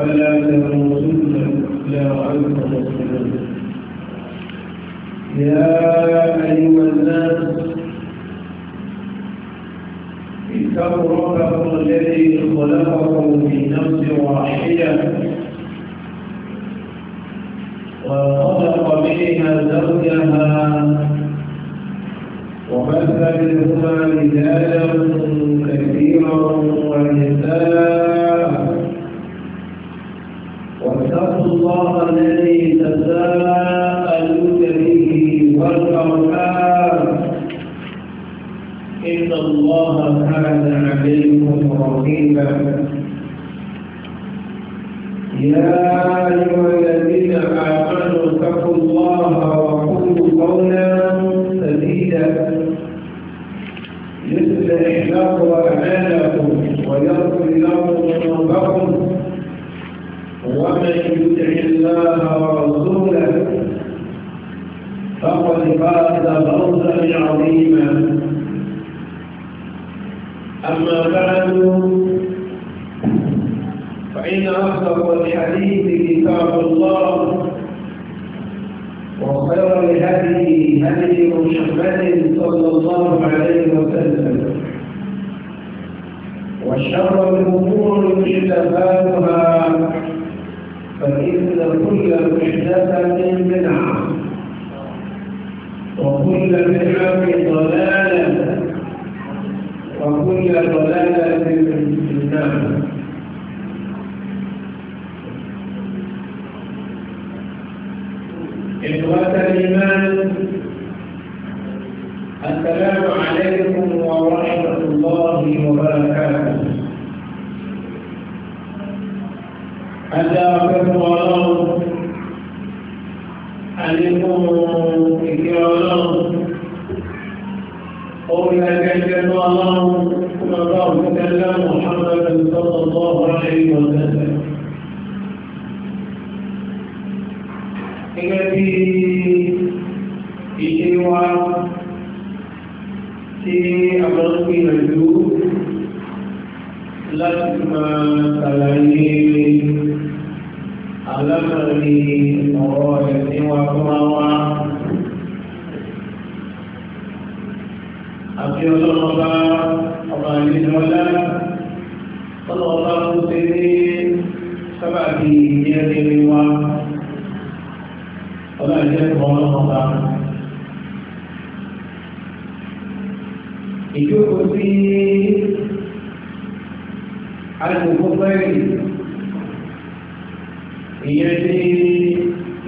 ولا تموتن إلا وأنتم مسلمون يا أيها الناس اتقوا ربكم الذي خلقكم في نفس واحدة وخلق منها زوجها وبث منهما رجالا كثيرا ونساء الله الذي تساءلون به والأرحام إن الله كان عليكم رقيبا يا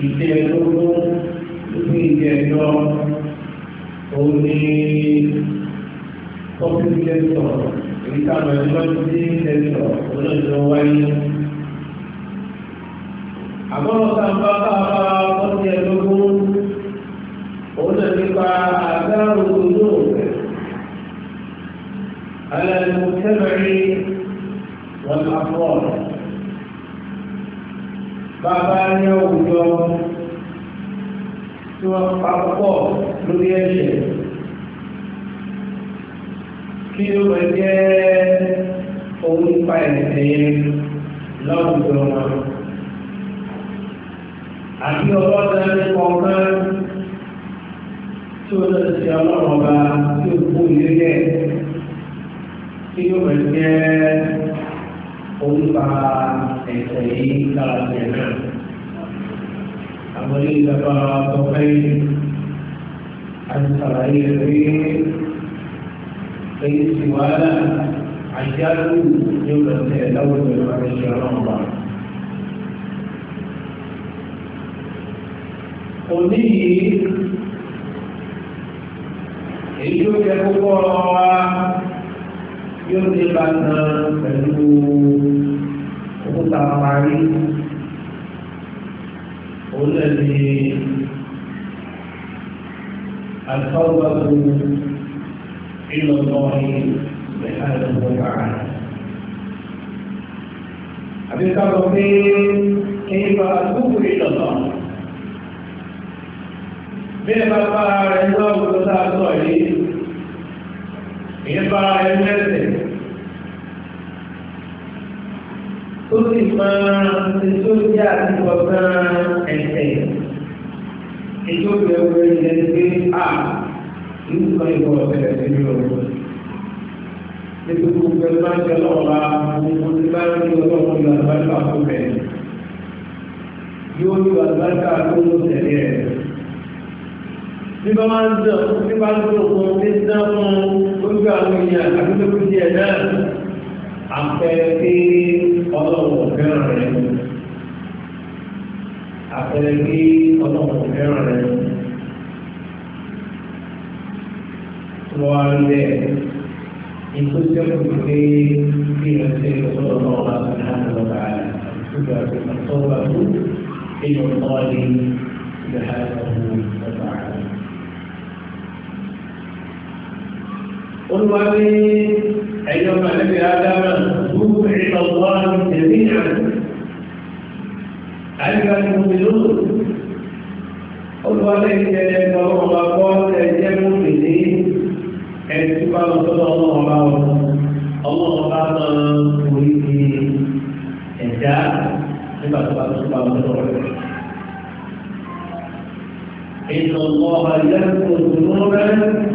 ìjẹ́lógún ní ìjẹ́jọ́ òun ni public lecture èyí táwọn ẹ̀rọ ti lecture olóòjọ́ wáyé. àbọ̀rọ̀ sábà bàbá ọ̀sẹ̀ ẹ̀lógún òun náà nípa àgbáàrò olóògbé alẹ́ mọ̀tẹ́rì wọn àfọ̀rọ̀ bàbá ní àwùjọ tí wọ́n papọ̀ lórí ẹ̀ṣẹ̀ kí ó máa jẹ́ òun nípa ẹ̀ṣẹ̀ yẹn láwùjọ wọn. àbí ọlọ́dà ní kọ̀ọ̀kan tí ó lọ sí ọlọ́run tí ó kú ilé kí ó máa jẹ́ òun nípa ẹ̀sẹ̀ yìí lára tẹ̀ náà. àmọ́lé ìjọba tọ́pẹ́ àti sàlàyé rẹ̀ pé èyí sì wàhálà àjálù yóò lọ sí ẹ̀ láwùjọ ìjọba ìṣẹ́ ọlọ́mọba. òní yìí èyí ó jẹ́ kókó wa yóò dé bá tán pẹ̀lú tó ta parí òun náà ni àtọ́gbà tó ìlọ lọ́ọ̀hìn ìgbà ìlọ́wọ́ bàrà. àbí ká lọ pé ẹ̀yin bá gbogbo ìlọ náà bí ẹ bá bá ara ẹ lọ́wọ́ tó tá sọ yìí ìyẹn bá ara ẹ lẹ́sẹ̀. tó sì máa ṣe tó jẹ́ àtúntò kan ẹ̀sẹ̀ èyí ó bẹ̀rẹ̀ wọ ilẹ̀ pé a ìlú kan ìwọ ọ̀sẹ̀ sí mi ò nítorí gbogbo ẹgbẹ́ máa ń jẹ lọ́wọ́ra gbogbo tí bá ń jẹ ọlọ́run ìlú àgbàlùkà tó bẹ̀ yóò lu àgbàlùkà tó ń tẹ̀lé ẹ̀ bí máa ń dàn bí bá ń dùn fún bí àwọn èèyàn àti tó kú díẹ̀ náà àpẹẹrẹ pé ọlọ́run fẹ́ràn rẹ̀ àpẹẹrẹ pé ọlọ́run fẹ́ràn rẹ̀ wọ́n á lẹ̀ ikú sẹ́kù pé bí wọ́n ṣe lọ́sọ̀rọ̀ náà wọ́n á fi hàn lọ́ba nígbà tó ń tọ́ba tó èèyàn náà lè ṣe hàn lọ́ba. olùwárí. حينما نبي آدم جمع الله جميعا أيها المؤمنون قلوا عليه جل وعلا قال يا المؤمنين حيث قال صلى الله عليه وسلم الله تعالى يريد إنجاز لما سبحانه وتعالى إن الله يغفر ذنوبا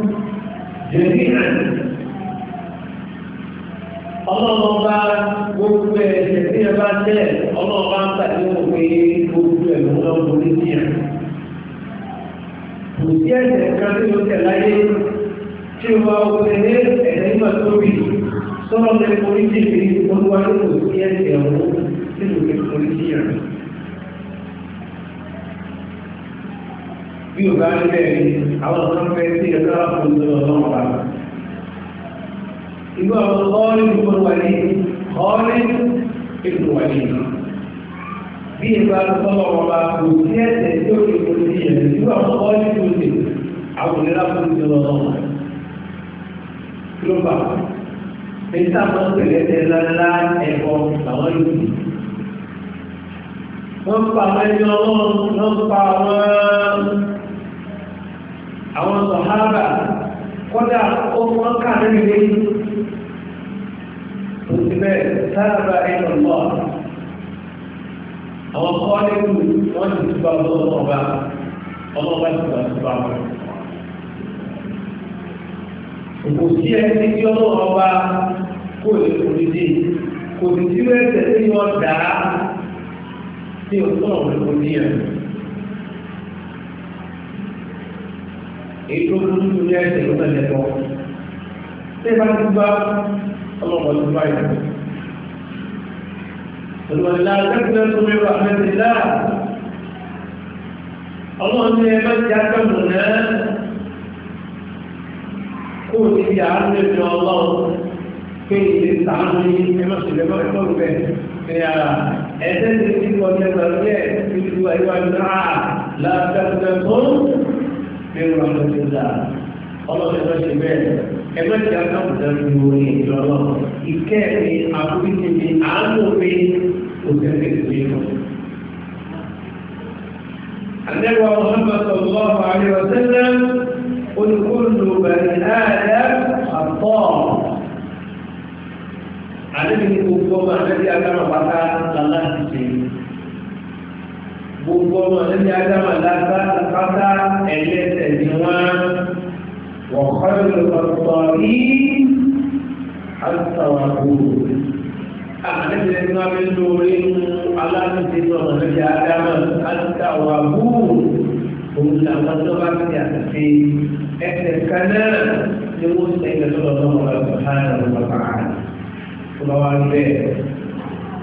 bá wá rí bẹ́ẹ̀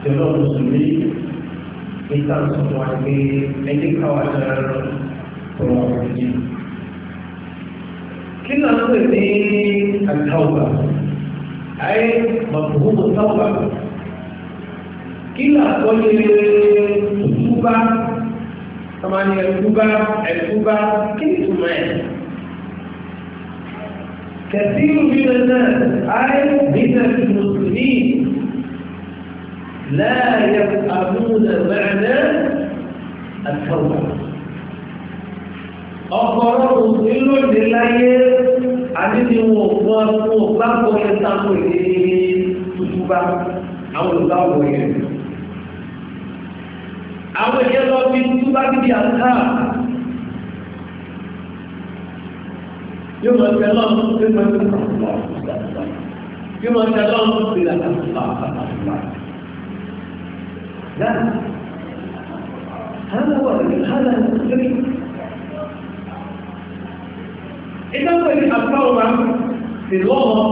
tí ọlọ́run sì rí níta sọ̀rọ̀ wá pé ẹni káwá náà tọrọ àforíjì. kí náà ló lè ní àtàwùbà ayé màkùhùmù táwùbà kí náà kọ́ lè túbá tọ́mọ ní ẹ̀kúbá ẹ̀kúbá kí ni túmọ̀ ẹ̀. كثير من الناس أي من المسلمين لا يفهمون معنى التوبة ọ̀pọ̀lọpọ̀ nílò níláyé àníbi wọn wọn wọn gbàgbọ́ yẹn sáfò ìdílé tuntun bá àwọn olùgbàwọ̀ yẹn. àwọn ìyẹn lọ bí tuntun bá níbi àtúntà yóò máa tẹ lọ́nà tó máa tẹ lọ́nà yóò máa tẹ lọ́nà tó ti lọ́nà لا هذا هو هذا هو السبيل إذا كنت أتطور في اللغة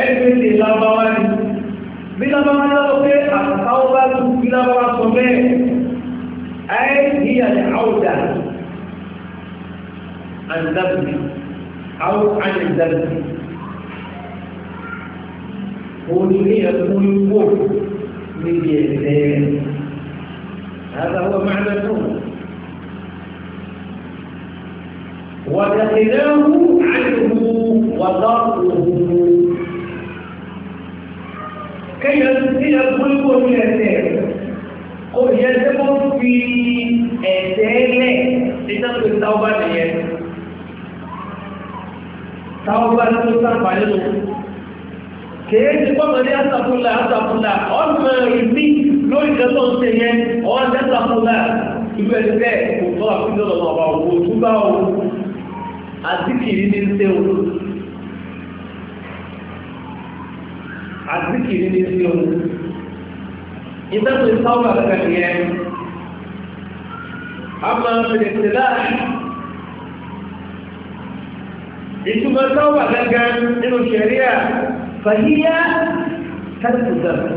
ẹgbẹ́ ti lábáwá ní bí lábáwá lọ́wọ́ pé àtàwọn bá tún bí lábáwá sọ bẹ́ẹ̀ ayé ìyàlẹ̀ àwòdà الذنب أو عن الذنب ونريد أن يقول من يدين هذا هو معنى النوم وتخذاه عنه وضربه كي يستطيع الخلق من الثاني قل يجب في الثاني لتقل التوبة ليه táwọn bá ní tó sáàpà nínú kèé ti pọ́mọ̀ ní àtàkùnlá àtàkùnlá ọ̀nà ìbí lórí kẹtọ́ ń ṣe yẹn ọ̀n àtàkùnlá ìlú ẹni bẹ́ẹ̀ kò tọ́ àfihàn ọ̀nà ọ̀bà òkú òtúbà òkú àzíkìrì ní ṣe òkú àzíkìrì ní ṣe òkú ìtàkùn ìsáwọ̀ àgbẹ̀kẹ̀ yẹn a máa bẹ̀rẹ̀ ìtumọ̀ tọ́wà gangan nínú ṣẹ̀ríà fàyíyá tàbí dàmù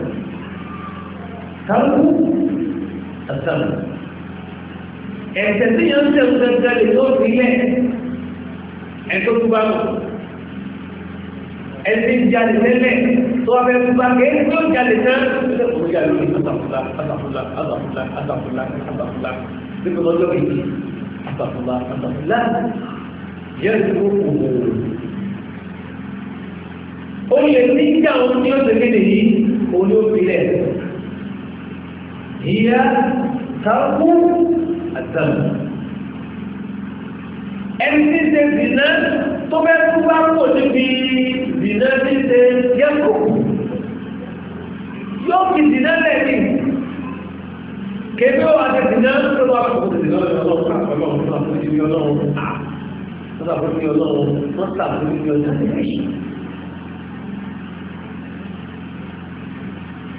tàbí dàmù ẹ̀sẹ̀ tí yẹn ń tẹ̀wù gangan lè tó fi lẹ̀ ẹ̀tọ́ tó bá mọ̀ ẹ̀sẹ̀ ń jalè lẹ́lẹ̀ tó wà bẹ́ẹ̀ fúnpa kẹ́ ẹ̀sẹ̀ tó jalè tán ẹ̀sẹ̀ tó jalè ní àtàkùnlá àtàkùnlá àtàkùnlá àtàkùnlá àtàkùnlá bí kò lọ́jọ́ kejì àtàkùnlá àtàkùnlá yẹ́nu òwòrò. ó lè ní ìjà òun ní ọ̀sẹ̀ kéde yìí òun ó bilẹ̀. ìyá takú àtàlù. ẹni tí ń ṣe dìnnà tó fẹ́ kú bá kò níbi dìnnà tí ń ṣe yẹ́kọ̀ọ́. yóò fi dìnnà lẹ́yìn. Kébé wa ti dìnnà tó bá kò dìnnà lọ́wọ́ ọlọ́run àpẹẹrẹ ọlọ́run àpẹẹrẹ ọlọ́run àpẹẹrẹ wọ́n bá fún mi ọlọ́run wọ́n tà fún mi ọjà lẹ́yìn.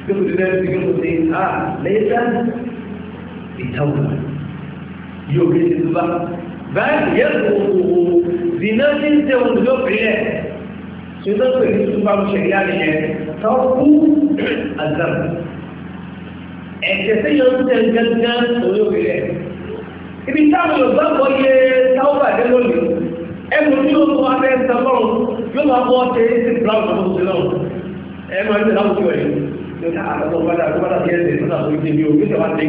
Bí mo ti bẹ́ẹ̀ fi mo ti à ah, lẹ́yìn dá ìdáwó yóò gbé ní tuba. Báyìí yẹ kó zina ti ń tẹ ohun tó fi lẹ̀. Sọ́dọ̀ pé ní tuba mo ṣẹ̀yà nìyẹn. Tọ́ kú àgàm. Ẹ̀sẹ̀ tí yóò tẹ̀ gángan olóògbé rẹ̀. Ibi táwọn Yorùbá kọ yẹ táwọn bàdé lónìí. ẹnu tí ó tó abẹ́ ẹ̀sẹ̀ lọ́rùn yóò máa bọ́ ṣe é sí brown tó ṣe lọ́rùn ẹ máa ń tẹ̀ láwùjọ ẹ̀ yóò ká àtọ́tọ́ padà tó padà sí ẹ̀sẹ̀ tó náà tó ṣe ní o yóò tẹ̀ wá dé.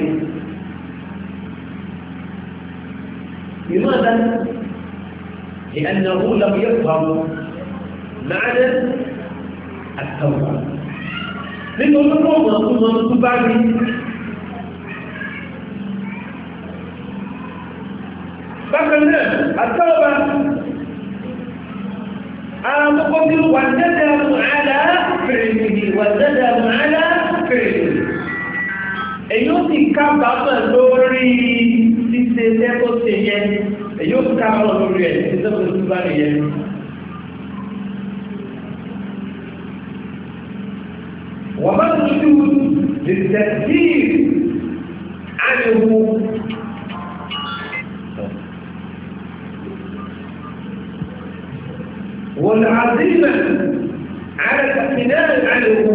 لماذا؟ لأنه لم يفهم معنى التوبة nítorí pọ̀ mọ̀ tó mọ̀ tó bá rí bákan náà àtọ́ọ̀bá المقدر والندم على فعله والندم على فعله èyí ó sì kábàámọ̀ lórí ṣíṣe tẹ́kọ̀ ṣe yẹn èyí ó sì kábàámọ̀ lórí ẹ̀ ṣíṣe tó ti bá rẹ̀ yẹn. wọ́n bá tuntun lè tẹ̀sí àyẹ̀wò والعظيمة على الاعتناء عليه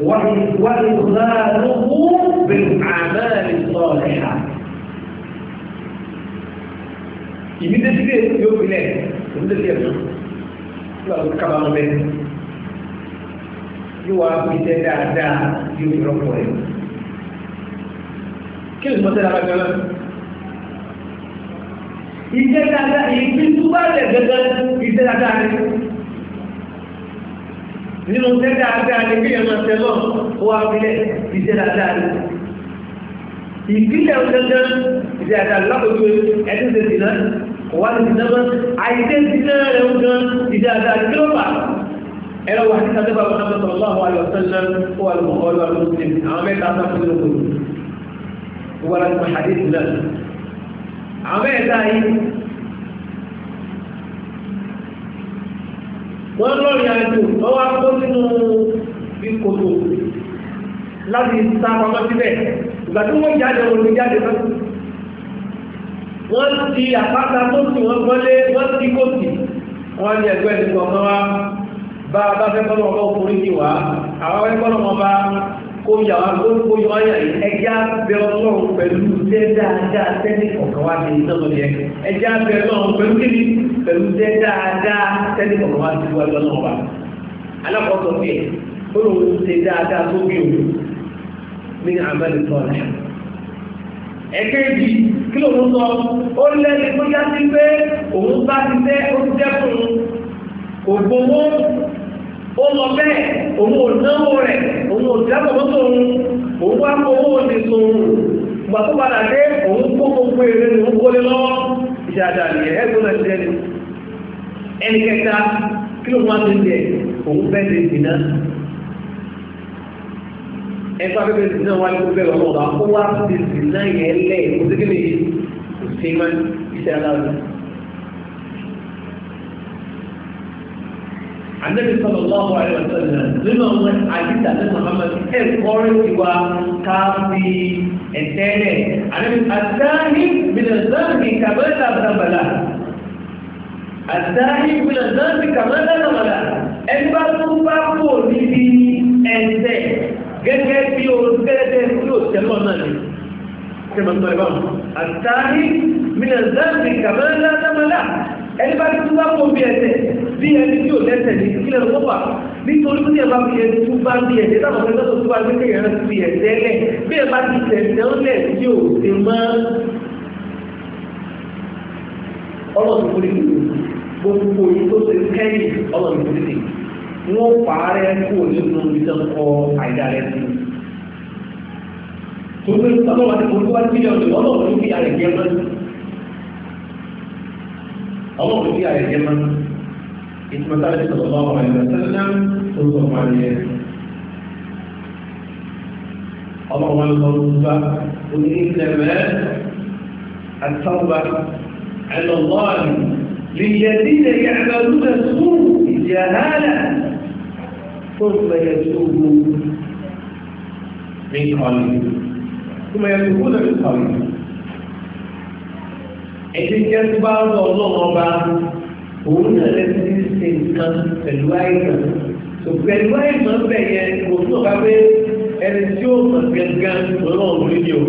وإدخاله بالأعمال الصالحة يمين ده كده يوم بلاد يمين ده كده لا كمان بلاد yóò wá fi يوم dáadáa yóò fi iṣẹ́ dáadáa ìpí túbá rẹ̀ gẹ́gẹ́ iṣẹ́ dáadáa rẹ̀ nínú iṣẹ́ dáadáa rẹ̀ kí ẹ̀mọ̀ tẹ́lọ̀ wà fílẹ̀ iṣẹ́ dáadáa rẹ̀ ìpínlẹ̀ gẹ́gẹ́ iṣẹ́ dáadáa lápòjú ẹ̀dún ṣe dìná wà ní dìná mọ́ àìṣe dìná rẹ̀ ń gan iṣẹ́ dáadáa rẹ̀ kílọ́pà ẹ̀rọ wà ní sábẹ́ bàbá náà sọ̀rọ̀ láwọn alọ́sẹ́lẹ̀ wà lọ́wọ́ lọ́wọ́ lọ́wọ́ àwọn mẹ́ta yìí wọ́n lọ́rìn àjò ọwọ́ akó sínú ìkòtò láti sá pamọ́ síbẹ̀ ìgbà tí wọ́n jáde wọn lè jáde fún wọ́n ti àpáta tó sì wọ́n gbọ́lé wọ́n ti kò sí wọ́n ní ẹgbẹ́ ìdìbò ọmọ wa bá a bá fẹ́ kọ́ lọ́wọ́ ọkùnrin ti wá àwọn ẹgbẹ́ ọmọ bá kó yà wá kó yọ ọ́yà yìí ẹjá bẹ ọlọ́run pẹ̀lú tẹ́ dáadáa tẹ́lẹ̀ kọ̀ọ̀kan wá sí iná lọ́dẹ ẹjá bẹ ọlọ́run pẹ̀lú kíni pẹ̀lú tẹ́ dáadáa tẹ́lẹ̀ kọ̀ọ̀kan wá sí iná lọ́dẹ ọba alákọ̀ọ́sọ fẹ́ ó lóun tẹ́ dáadáa tó bí òun ní àmàlẹ̀ tọ́lá ẹ̀kẹ́jì kí lóun sọ ó lẹ́ni kó yá sí pé òun bá ti tẹ́ ó ti tẹ́kùn ògbówó ó lọ bẹ́ẹ̀ òun ò náwó rẹ̀ òun ò dábọ̀ tó tóun òun wá owó ní sòun ìgbà tó padà dé òun kó gbogbo èrè ní òun kólé lọ́wọ́ ìṣe àdàlì ẹ̀ ẹ̀gbọ́n náà ṣiṣẹ́ ni ẹni kẹta kí ló máa ń tẹ̀lé òun fẹ́ lè dìnnà ẹgbẹ́ abẹ́bẹ́ dìnnà wá ní gbogbo ẹ̀rọ ọ̀gá ó wá ti dìnnà yẹn lẹ̀ kó sí kí ni ìṣe máa ń ṣiṣẹ́ aláàbò Ànábì sallallahu alaihi wasallam nínú àwọn àdìsá ní Muhammad ẹ̀ kọ́rin tiwa káàbí ẹ̀tẹ́lẹ̀ Ànábì àdáhì bìlẹ̀ záàbì kàbẹ́lá bàbàlà àdáhì bìlẹ̀ záàbì kàbẹ́lá bàbàlà ẹni bá tún bá kò níbi ẹ̀tẹ́ gẹ́gẹ́ bí o gẹ́gẹ́ bí o tẹ́lọ̀ náà ni tẹ́lọ̀ náà ni àdáhì bìlẹ̀ záàbì kàbẹ́lá bàbàlà ẹni bá ti túbá kó bí ẹsẹ̀ bí ẹni tí ò lẹ́sẹ̀ ní ìpínlẹ̀ lọ́pà nítorí pé ẹ̀bá fi ẹni túbá bí ẹsẹ̀ táwọn ọ̀fẹ́ tó túbá gbé kéèyàn fi ẹsẹ̀ lẹ̀ bí ẹ bá ti tẹ̀sẹ̀ ó lẹ̀ tí ò ṣe mọ́ ọlọ́run kò ní gbogbo yìí tó ṣe kẹ́yìn ọlọ́run kò ní wọ́n pààrẹ̀ kó nínú ìdánwò àìdá rẹ̀ sí i tó ń gbé ọlọ́run àti olúwa الله في آية اليمن اسم الله صلى الله عليه وسلم صلى الله عليه وسلم الله هو الخروف إنما التوبة عند الله للذين يعملون السوء جهالة ثم يتوبون من قريب ثم يتوبون من قريب ẹni jẹ́ tó bá rọ̀ ọlọ́run ọba òun náà lè ti ṣe nǹkan pẹ̀lú àìsàn tó pẹ̀lú àìsàn bẹ̀ yẹn òun náà bá pé ẹni tí ó mọ̀ gangan ọlọ́run lórí ni o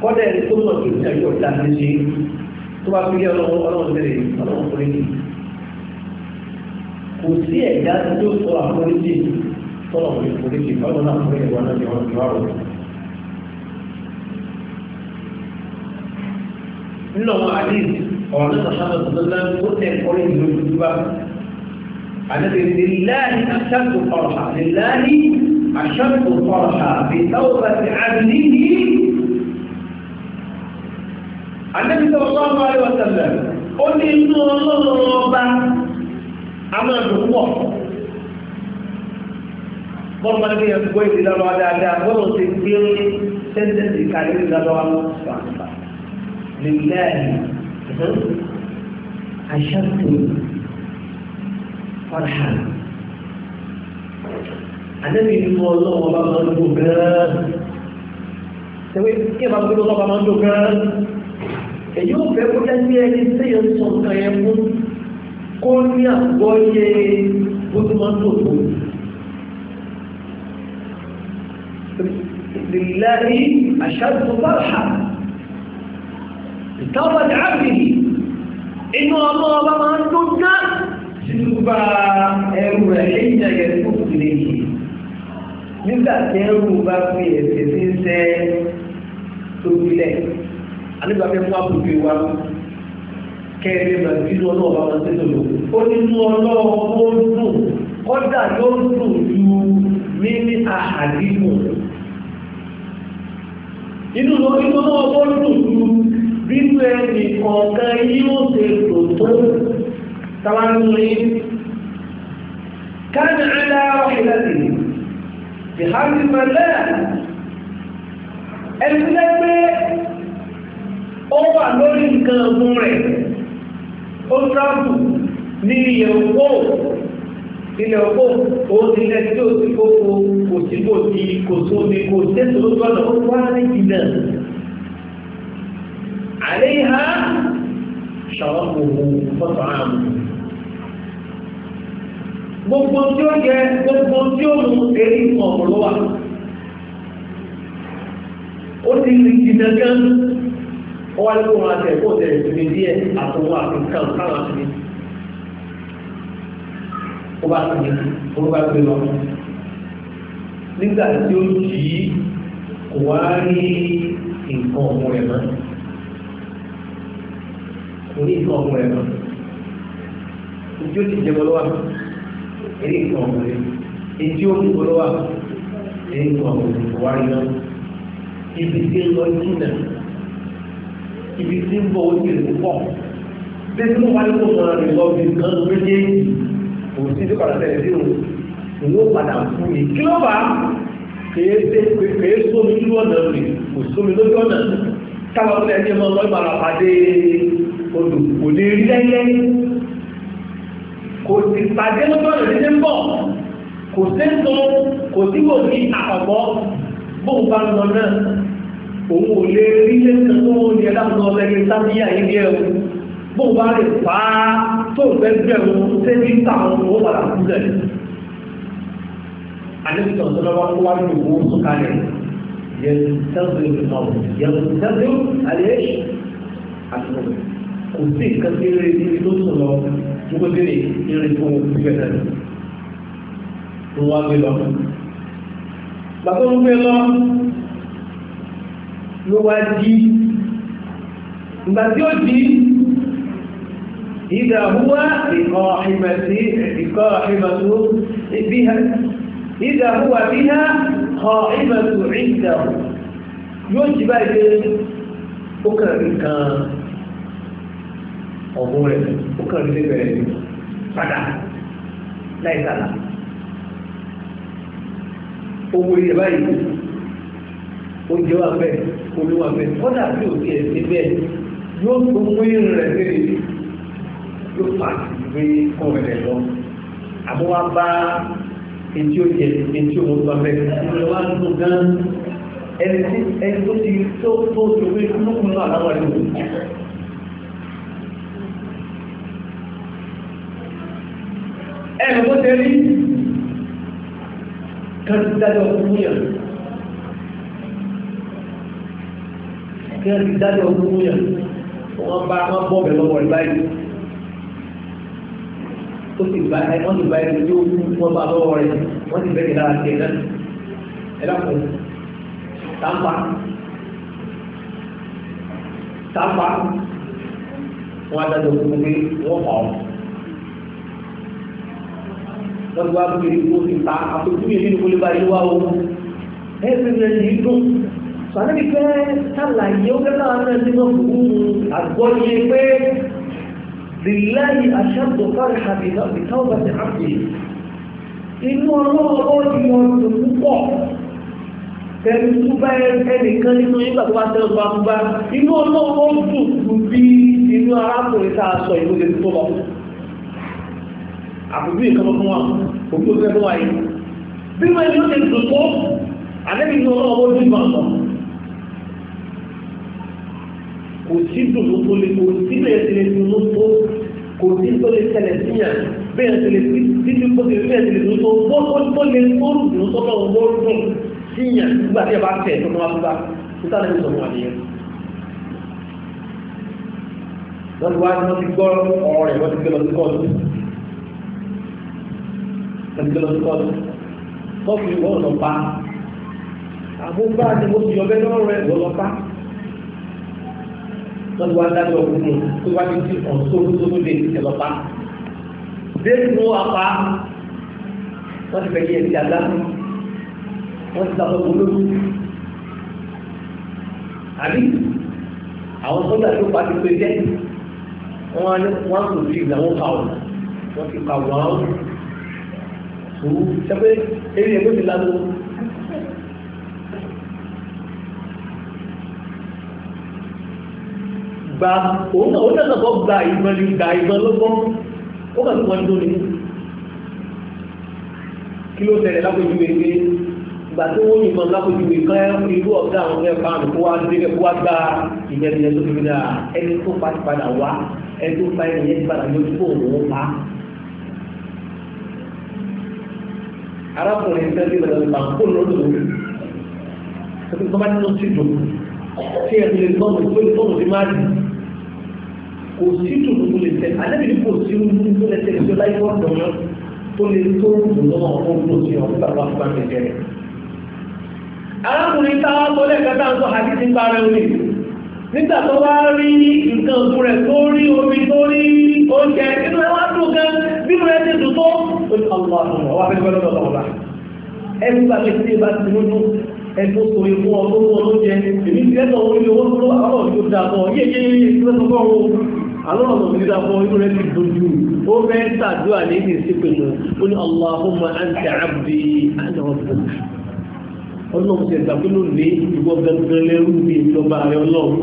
kọ́dà ẹni tó mọ̀ tó ti àjọ ìta ti ṣe tó bá fi lé ọlọ́run ọlọ́run tẹ̀lé ọlọ́run fún ẹni. kò sí ẹ̀dá tó sọ àforíjì tọ́lọ̀ fún ẹ̀fọ́ríjì fọ́lọ́ náà fún ẹ̀wọ̀n náà ni wọ́n nínú àwọn àdéhùn ọ̀rọ̀ náà sọ̀tàmọ̀ sọ̀tàmọ̀ ó tẹ̀ kọ́rí ìlú ojú bá àdéhùn ìlàlí aṣáàtò ọ̀rọ̀ṣà ìlàlí aṣáàtò ọ̀rọ̀ṣà ìtawọ̀bà ti àdìní àdéhùn sọ̀tàmọ̀ àríwá sọ̀tàmọ̀ ó ní inú ọlọ́run ọba amáàdùnpọ̀ bọ́n máa ń gbé ẹgbẹ́ ìdílọ́wọ́ dáadáa bọ́n ti gbé sẹ́ńtẹ́ǹtì kàlẹ́ ìdílọ́wọ́ sọ̀tàmọ̀ لله أشد فرحا أنا صلى الله عليه وسلم سويت كيف أقول الله ما عنده كان يقول أني أن يستيل صدق يقول كل يقول يقول ما لله أشد فرحا tọ́wọ́ dábìlì inú ọmọ ọba máa ń tó ná sílùbà ẹrù rẹ̀ lẹ́yìn ẹ̀yẹ tó kéré yìí nígbà tí ẹrù bá fi ẹ̀sẹ̀ sí sẹ́ tó gbilẹ̀ alẹ́gbà fún àpòkè wa kẹ́ẹ̀rẹ́ bá bí inú ọlọ́ọ̀bá máa tẹ́ tó lò ó ní inú ọlọ́ọ̀bá ó dùn kọ́dà ló dùn ju mímí àhàdínù inú ọlọ́ọ̀bá ó dùn ju bínú ẹnì kọ̀ọ̀kan yóò ṣe tò tó tàwánúrin káàdì aláwọ̀ ìlàtì ìhàbí mẹ́lẹ́ ẹni lẹ́gbẹ́ ó wà lórí nǹkan ọmọ rẹ̀ ó tráfù ní ilẹ̀ òpó ilẹ̀ òpó ó ti lẹ́ tí ó ti kókó kò sí kò sí kò sóbi kò tẹ́sí lójú ọ̀nà ó wá ní ìdílẹ̀ عليها شرابه وطعامه gbogbo tí ó jẹ gbogbo tí ó mú eré ọ̀pọ̀ ló wà ó ti rí jìnnà gan ó wá lóko máa tẹ̀ kó tẹ̀ ìsinmi díẹ̀ àtọwọ́ àfikàn káwọn àti ó bá ti ó bá gbé lọ nígbà tí ó jì í kò wá rí nǹkan ọ̀pọ̀ rẹ̀ mọ́ torí ìtàn ọkùnrin náà ojú ti jẹ bọ́lọ́wà eré ìtàn ọkùnrin etí ó ti bọ́lọ́wà eré ìtàn ọkùnrin kò wáyé náà ibi tí ń lọ jìnnà ibi tí ń bọ̀ ó ti rìn pọ̀ bẹ́ẹ̀ ló wáyé kó sọ̀rọ̀ rẹ̀ lọ bí kan méjèèjì kò sí tó padà tẹ̀lé sínú ìwé padà fún mi kí ló bá kèé kèé sómi lójú ọ̀nà rẹ̀ kò sómi lójú ọ̀nà táwọn ọ̀nà ẹni ọmọ ọlọ́ọ̀bàrà pàdé odò kò lè rí lẹ́yìn kò sì pàdé lọ́jọ́ rẹ̀ ní bọ̀ kò sí tó kò sí kò ní àkọ́kọ́ bóun bá ń lọ náà òun ò lè rí lẹ́sẹ̀ tó ń yẹ láti lọ lẹ́yìn sábíyà yìí bí ẹ̀rù bóun bá lè fà á tó fẹ́ gbẹ̀rù sẹ́bí táwọn owó padà kú lẹ̀. àdébìtàn tó lọ́wọ́ kó wá ní òun tó kalẹ̀ yẹn tẹ́lẹ̀ tó yẹ kó tẹ́lẹ̀ àlẹ́ àti mọ̀mọ́. kò sí nǹkan tí ó rí níbi tó sùn lọ gbogbo tí lè rí fún ìgbẹ́ náà ló wá gbé lọ. bàbá wọn gbé lọ ló wá jí ìgbà tí ó jí ìdá húwá ìkọ́ ìmẹ̀sí ìkọ́ ìmẹ̀sí ibi ìdá húwá bí ná kọ́ ìmẹ̀sí ìdá yóò jí báyìí ó kàn nǹkan ọ̀gbọ́n rẹ̀ ó kàn lè bẹ̀rẹ̀ padà láì sàlà owó ilẹ̀ báyìí oúnjẹ wà bẹ́ẹ̀ omi wà bẹ́ẹ̀ kọ́dà tí ò tiẹ̀ sí bẹ́ẹ̀ yóò tó mú irun rẹ̀ léèrè yóò fà gbé kọ́mẹ̀lẹ̀ lọ àmọ́ wá bá etí ó jẹ etí ó mú bá bẹ́ẹ̀ ìrìn wá dùn gan ẹni tó ti tó tó tó gbé kúlùkùn náà láwọn ẹni tó ẹ̀rọ bó ṣe rí kan ti dájọ́ fún yàn kan ti dájọ́ fún yàn wọ́n bá wọ́n bọ́ bẹ̀ lọ́wọ́ rẹ̀ báyìí ó sì bá ẹ wọ́n sì bá ẹ lójú wọ́n bá lọ́wọ́ rẹ̀ wọ́n sì bẹ̀rẹ̀ lára tiẹ̀ náà ẹ dákun tàǹpà wọ́n á dájọ́ wọ́n pa ọ́ lọ́dún wa bíbélì kó ti ta àpòjú yìí nínú kólébà yìí wá o ẹ̀ẹ́dẹ̀gbẹ̀ yìí dùn sàlẹ́bí fẹ́ sàlàyé ó fẹ́ láwọn náà ti mọ̀ fún un àgbọ́yé pé lèláyì aṣáàbò kárí àbìlá ìtàwọ̀bà ti àbì inú ọlọ́ọ̀lọ́ ti mọ̀ tó púpọ̀ tẹ̀lé túbá ẹnìkan nínú yín gbàgbọ́ bá tẹ́lẹ̀ bá ń bá inú ọlọ́ọ̀lọ́ dùn bí inú arákùnrin tá sọ ìlú tó bá àbúrú ìkan fún wa òbí òfin fún wa yìí bí wọ́n ẹni ó ti àlẹ́bí ní ọlọ́wọ́ ó dùn bàtọ̀ kò sí dùn tó lè kò sí bẹ́ẹ̀ ti lè dùn tó kò sí tó lè tẹ̀lẹ̀ síyàn bẹ́ẹ̀ ti lè títí tó lè bẹ́ẹ̀ ti lè dùn tó bó tó lè tó dùn tó lọ́wọ́ bó dùn síyàn nígbà tí ẹ bá tẹ̀ tó máa gbà níta lè sọ̀rọ̀ wà wọ́n ti wá ní wọ́n ti gbọ́ ọ̀rọ̀ rẹ̀ wọ́n ti gbé lọ sí kọ́ọ̀tù ẹgbẹ́ lọ́dún kọ́ọ̀tù tọ́kì wọ́n lọ pa àbúgbà ni mo ti ọbẹ̀ lọ́rọ̀ rẹ̀ wọ́n lọ pa lọ́dún wa dájọ́ ọkùnrin tó wá ní ti ọ̀n tó tó tó dé ẹ̀ lọ pa déètì ló wà pa wọ́n ti fẹ̀yẹ ti àdá wọ́n ti sàkóso wò ó ṣe pé eré ẹgbẹ́ mi lánàá gba òun náà òun náà lọ́kọ́ gba ìbọn ni gba ìbọn lọ́gbọ́n ó kàn fún wọn tó ní kí ló tẹ̀lé lápòjú wèé ìgbà tí wọ́n yìnbọn lápòjú wèé kan irú ọ̀gá àwọn ẹ̀fà àmì kó wá délé kó wá gba ìjẹ́bìyẹn tó fi dáa ẹni tó pa ti padà wá ẹni tó pa ẹni yẹn ti padà lójú fóònù ó pa arákùnrin tẹ́lẹ̀ lọ sí pàkó lọ́dún rẹ̀ tẹ́lẹ̀ tó bá ní lọ́sí dùn tí ẹ̀ lè tọ́mù tó lè tọ́mù sí máa dùn kò sí dùn tó lè tẹ́ alẹ́bìnrin kò sí dùn tó lè tẹ́ tó láyé wọ́n dùn mọ́ tó lè tó dùn lọ́wọ́ fún tó sí ọ̀hún bàbá fún bá mi nígbà tó wá rí nǹkan ògùn rẹ̀ tó rí omi tó rí oúnjẹ nínú ẹwà dùn gan nínú ẹ ti dùn tó ọmọ ọmọ ẹgbẹ́ tí ẹ bá ti lójú ẹgbẹ́ tó rí fún ọdún oúnjẹ èmi ti ẹ́tọ̀ orí owó tó àwọn òṣèlú dàpọ̀ yíyẹ ìpínlẹ̀ àwọn ọmọ mi nígbà fún inú rẹ̀ ti dojú ó fẹ́ sàdúrà ní ìsìnkú ó ní Allahumma an abdi ana ọ̀bùn ọlọ́run ti ẹ̀dà pé lónìí ìwọ gangan lẹ́rú mi lọ́ba rẹ ọlọ́run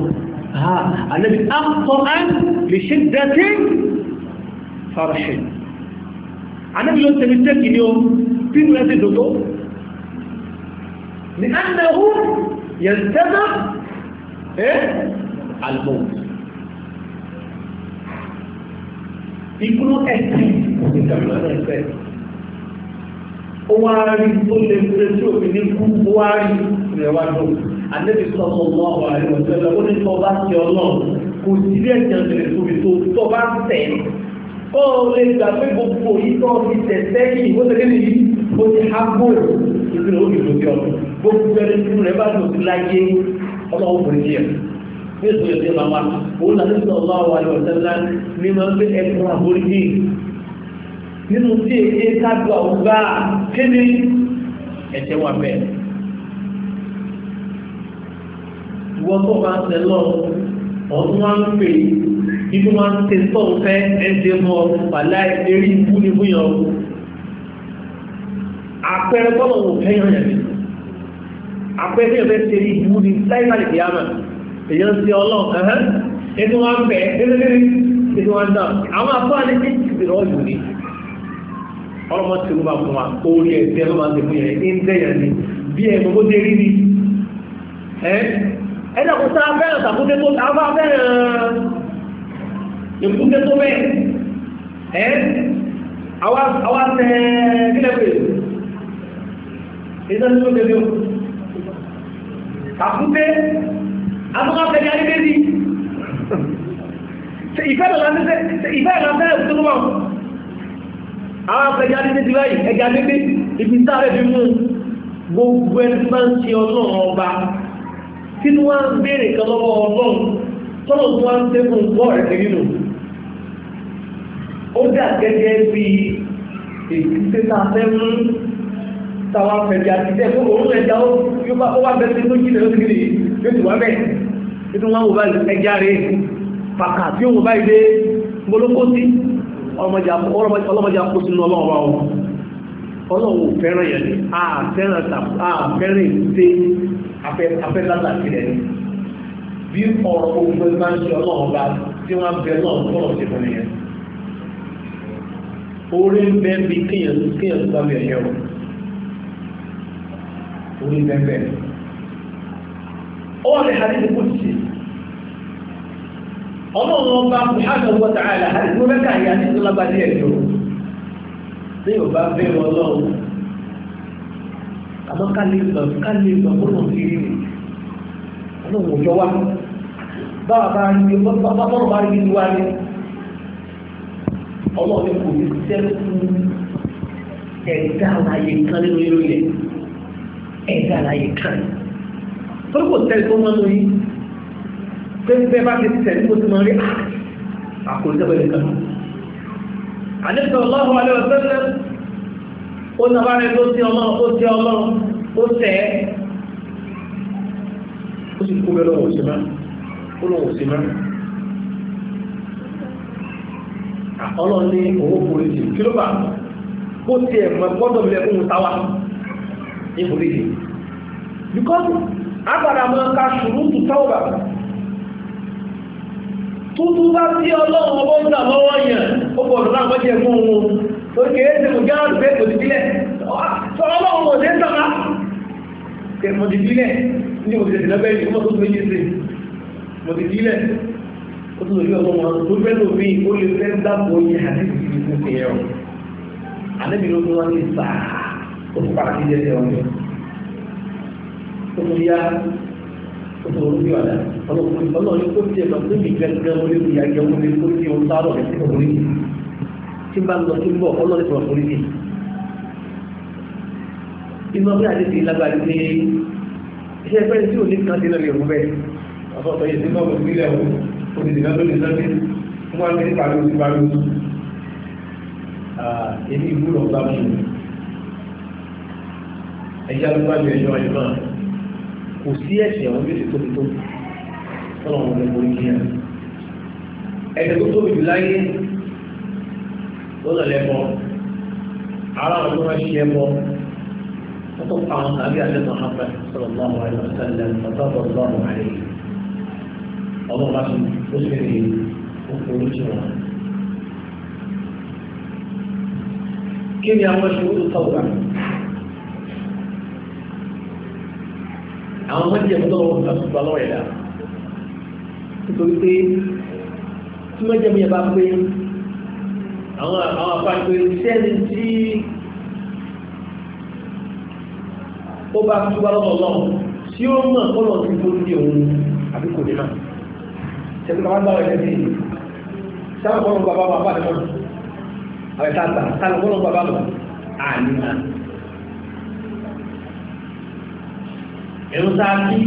ha alẹ́bi akọ án lè ṣe dẹ́tí faraṣẹ́ alẹ́bi ló tẹ̀lé tẹ́kì ni ó bí mo lẹ́sẹ̀ dòdó ni anahu yẹn tẹ́lá ẹ́ almọ́ ìkúrú ẹ̀sìn ìdàgbàsẹ̀ ó wá rí tó lè fẹ́ tí òfin ní kú ó wá rí rẹ̀ wá lò àdébí sọ́sọ́ mọ́ àwọn àríwọ̀ tẹ́lẹ̀ ó ní tọ́ bá ti ọlọ́run kò sí bí ẹ̀jẹ̀ rẹ̀ tóbi tó tọ́ bá tẹ̀ ó lè gbà pé gbogbo yìí tó ti tẹ̀ sẹ́yìn ó tẹ̀lé nìyí ó ti há gbò ìpínlẹ̀ ó dìbò sí ọ gbogbo ẹni tí rẹ̀ bá lò sí láyé ọlọ́run kò ní yẹ bí èso yẹ nínú tí èké kájọ àwùgbà kéde ẹ̀jẹ̀ wà bẹ́ẹ̀. ìwọ tó máa ń tẹ̀lọ́ ọ̀tún máa ń pè nínú máa ń tẹ tọ́ọ̀ fẹ́ ẹ̀jẹ̀ mọ́ pàlá eré ikú ni fún yàn. àpẹẹrẹ tọ́lọ̀ wò fẹ́ yàn yàn ni àpẹẹrẹ yàn fẹ́ ṣe ikú ni láìpàdé kìí àmà èèyàn ṣe ọlọ́ọ̀ ẹni wọn bẹ̀ ẹni wọn dà àwọn afọ́ àdéhùn ìbìrọ̀ yìí ọlọ́mọ tí ló bá fún wa orí ẹ̀sẹ̀ ló máa ń tẹ̀kún yẹn ń tẹ̀yà ni bí ẹ̀ gbogbo dé rí ni ẹ̀dá kò sá abẹ́rẹ́ sàkúté tó àwọn abẹ́rẹ́ ìkúté tó bẹ́ẹ̀ ẹ́ àwa tẹ kílẹ̀ pé ìdájọ́ tó tẹ̀lé o sàkúté àtúnkà tẹ̀lé ayé bẹ́ẹ̀ ni ìfẹ́ lọ́la ń tẹ́ ìfẹ́ lọ́la ń tẹ́ ìfẹ́ lọ́la ń tẹ́ àwọn apẹja dídé ti báyìí ẹja dídé ibi sáré fi mú gbogbo ẹni tó bá ń ṣe ọlọ́run ọba tí wọ́n ń béèrè kan lọ́wọ́ ọlọ́run rẹ̀ a fẹ́ mú táwa fẹ̀jà dídé fún òun ẹja ó wá bẹ́ẹ̀ sí tó jìnà ó ti kiri yóò ti wá bẹ́ẹ̀ nínú wọn wò báyìí ẹja rẹ̀ pàkà tí ó wò báyìí dé gbólókó sí ọlọ́mọdé akóso ní ọlọ́run wa o ọlọ́run fẹ́ràn yẹn ni ah fẹ́ràn tàbí a fẹ́ràn ìdílé afẹ́lálà sílẹ̀ ni bí ọ̀rọ̀ gbogbo ẹ̀ máa ń ṣe ọlọ́run bá tí wọ́n bẹ náà tọ̀rọ̀ sí fún yẹn orí ń bẹ́ẹ̀ bí kéèyàn kéèyàn tó bá ọlọ́run ọba muhammed wa ta'ala àdìgbò mẹ́ta ìyá ní ìsọlábà ní ẹ̀jọ́ tí yóò bá bẹ́ẹ̀ ọlọ́run àmọ́ kálí lọ kálí lọ kó lọ sí ìrìn ọlọ́run bá ń gbé bá rí kò ní sẹ́kù ẹ̀dá àlàyé kan nínú ìròyìn ẹ̀dá àlàyé kan. kò bẹ́ẹ̀ bá ti tẹ̀lé mo ti mọ̀ rí àkóńtẹ́bẹ̀ nìkan. àdéhùn ọlọ́run alẹ́ ọ̀sẹ́lẹ̀ ó nà bá rẹ ló ti ọlọ́run ó ti ọlọ́run ó tẹ̀ ẹ́ ó sì kú bẹ́ẹ̀ lọ́wọ́ òsì máa ó lọ́wọ́ òsì máa. ọlọ́run ní owó polisi kí ló bá kó tiẹ̀ mọ gbọ́dọ̀ bílẹ̀ fún un táwa ní polisi. because agbada máa ka ṣùrù tù táwọn bàbá tuntun bá tí ọlọ́run ọgbọ́n ń tà lọ́wọ́ yẹn ó gbọ́dọ̀ náà wọ́n jẹ fún un ó kéré tí mo já àrùn pé kò ti bílẹ̀ sọ ọlọ́run ò ní tọ́ka kẹ mo ti bílẹ̀ ní mo ti tẹ̀sí lọ́bẹ̀ ọmọ tó olórí ọ̀dà ọlọ́kùnrin ọlọ́run kó tiẹ̀ lọ sí mi gẹ́gẹ́ wọlé mi àjẹ wọlé kó tí o sárọ̀ rẹ̀ sí orí tí bá ń lọ sí bọ̀ ọlọ́run tó orí mi. inú ọgbẹ́ àti ti lágbàá ní iṣẹ́ fẹ́ẹ́ tí ò ní kan sílẹ̀ lè mú bẹ́ẹ̀ ọ̀sọ̀tọ̀ yìí sínú ọ̀gbọ̀n sílẹ̀ o kò sì dìgbà lórí sọ́dí fún wọn ní parí oṣù parí oṣù. èmi ìwúrọ̀ gbà mí ẹ̀yà ló bá ju ẹ̀yọ́ ẹ̀ kò sí ẹ̀sìn àwọn yóò ṣe tóbi tó tọ́lọ̀ wọn lè borí kí náà ẹ̀sẹ̀ tó tóbi jù láyé lọ́nà lẹ́bọ̀ ara àwọn tó máa ṣe ẹbọ wọ́n tó pa àwọn tàbí àti Muhammad sallallahu alaihi wa sallam ọ̀tọ́bọ̀ lọ́rùn àlẹ́ ọlọ́run bá tún ó sì rí òkú olóṣù wọn. kí ni àwọn ìṣòro tó tọ̀wọ̀ àwọn mọ́jẹ̀ tó lọ́wọ́ fún àtúgbà lọ́wọ́ ẹ̀dá nítorí pé tí mọ́jẹ̀ mi bá pé àwọn àwọn àpapọ̀ iṣẹ́ ni tí ó bá túbá lọ́wọ́ lọ́wọ́ tí ó mọ̀ kọ́lọ̀ tí ó ní òun àbí kò ní náà ṣẹ́gbẹ́ bá gbáwọ̀ ẹ̀dẹ́ sí sáwọn kọ́lọ̀ bàbá bàbá àti mọ́tò àwẹ̀tàgbà sáwọn kọ́lọ̀ bàbá bàbá àníyàn ẹ̀rùn sáà kí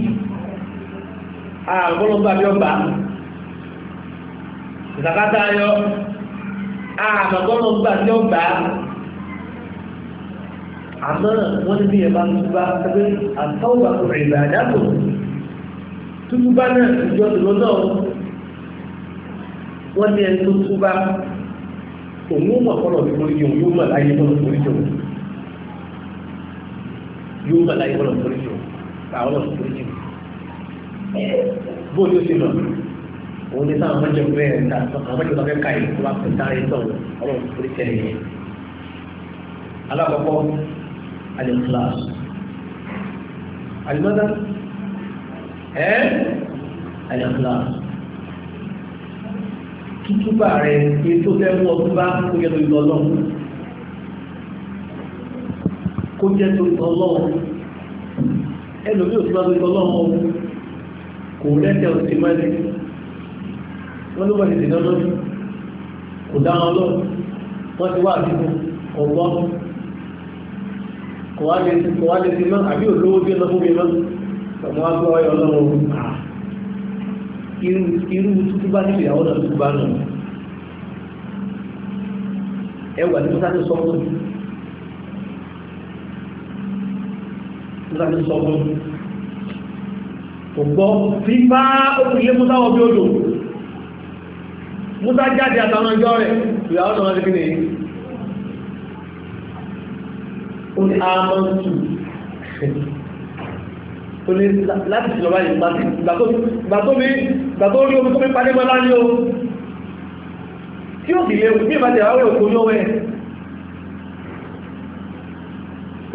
àgbọ́lọ́gbà bí ọba ìsàkátà ayọ́ àgbọ́lọ́gbà bí ọba àmọ́ wọ́n ní bí ẹ̀bá túbá tẹ́lẹ̀ àtọ́wà tó ìgbà àjábò túbá náà ìjọ tó lọ́nà wọ́n ní ẹni tó túbá òun mọ̀ kọ́lọ̀ tó lórí yóò mọ̀ láyé kọ́lọ̀ tó yóò mọ̀ láyé kọ́lọ̀ tó àwọn òṣèlú jù bó ni ó ti lọ òun ní sáwọn ọmọdé ọgbẹ rẹ ta àwọn ọmọdé ọgbẹ ká yìí wọn kò sáré sọ̀rọ̀ ọ̀rọ̀ òṣèlú tẹ́lẹ̀ yẹn alákọọkọ alẹkùlá alimọdá ẹ alẹkùlá tútúbà rẹ ètò fẹ́ mú ọdún bá kó yẹ lóyún ọlọ́run kó jẹ́ tó ọlọ́run ẹlòmí òtún máa ń gbọ́ lọ́wọ́ kò lẹ́tẹ̀ òsì máa lẹ́ wọ́n ló bá ti dènà lọ́dún kò dá wọn lọ́wọ́ wọ́n ti wá àdúgbò ọ̀gbọ́ kò wá lè ti kò wá lè ti mọ́ àbí olówó bí ọlọ́fún mi mọ́ ọmọ wa gbọ́ ọyọ lọ́wọ́ irú irú tuntun bá nílò ìyàwó náà tuntun bá nù ẹwà ní sọ́kùnrin. mọ́sàbí sọ fún ọgbọ́ fífá òkúlé mọ́sá ọbí odò mọ́sá jáde àtàwọn ọjọ́ rẹ̀ ìyàwó náà ti kíni ó ní àmọ́ntù ó ní láti ìjọba yìí pàtí gbàtórí omi tó fi padé ní o tí ó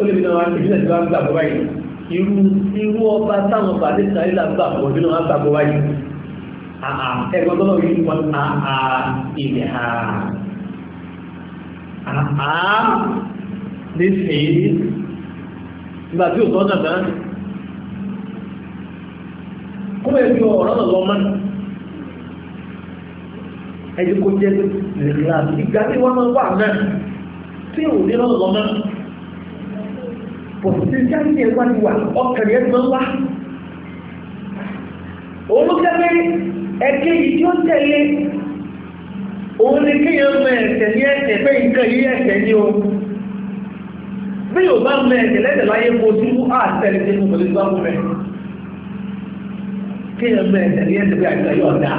ó lè bínú àwọn ìbílẹ̀ tí wọ́n gbà bọ́ báyìí irú irú ọba táwọn pàdé sáré là gbà bọ́ bínú wọn gbà bọ́ báyìí àà ẹ̀gbọ́n tó lọ́wọ́ yìí wọn àà ilẹ̀ àà àà lè fè é nígbà tí òótọ́ náà dáná kó bẹ́ẹ̀ fi ọ̀rọ̀ náà lọ́mọ́ ẹ̀jẹ̀ kó jẹ́ lè kíláàsì ìgbà tí wọ́n máa wà náà tí òun ní lọ́nà pòtẹ́síálì ẹ̀wá ni wà ọkàn yẹn máa ń wá òun ló jẹ́ pé ẹ̀kẹ́ yìí tí ó tẹ̀lé òun ni kéèyàn mọ ẹ̀sẹ̀ ní ẹ̀sẹ̀ pé nǹkan yìí ẹ̀sẹ̀ ní o bí yóò bá mọ ẹ̀sẹ̀ lẹ́sẹ̀ láyé mo ti mú àtẹ̀lẹ̀ tí mo kò lè gbá mú rẹ̀ kéèyàn mọ ẹ̀sẹ̀ ní ẹ̀sẹ̀ pé àìsàn yóò dá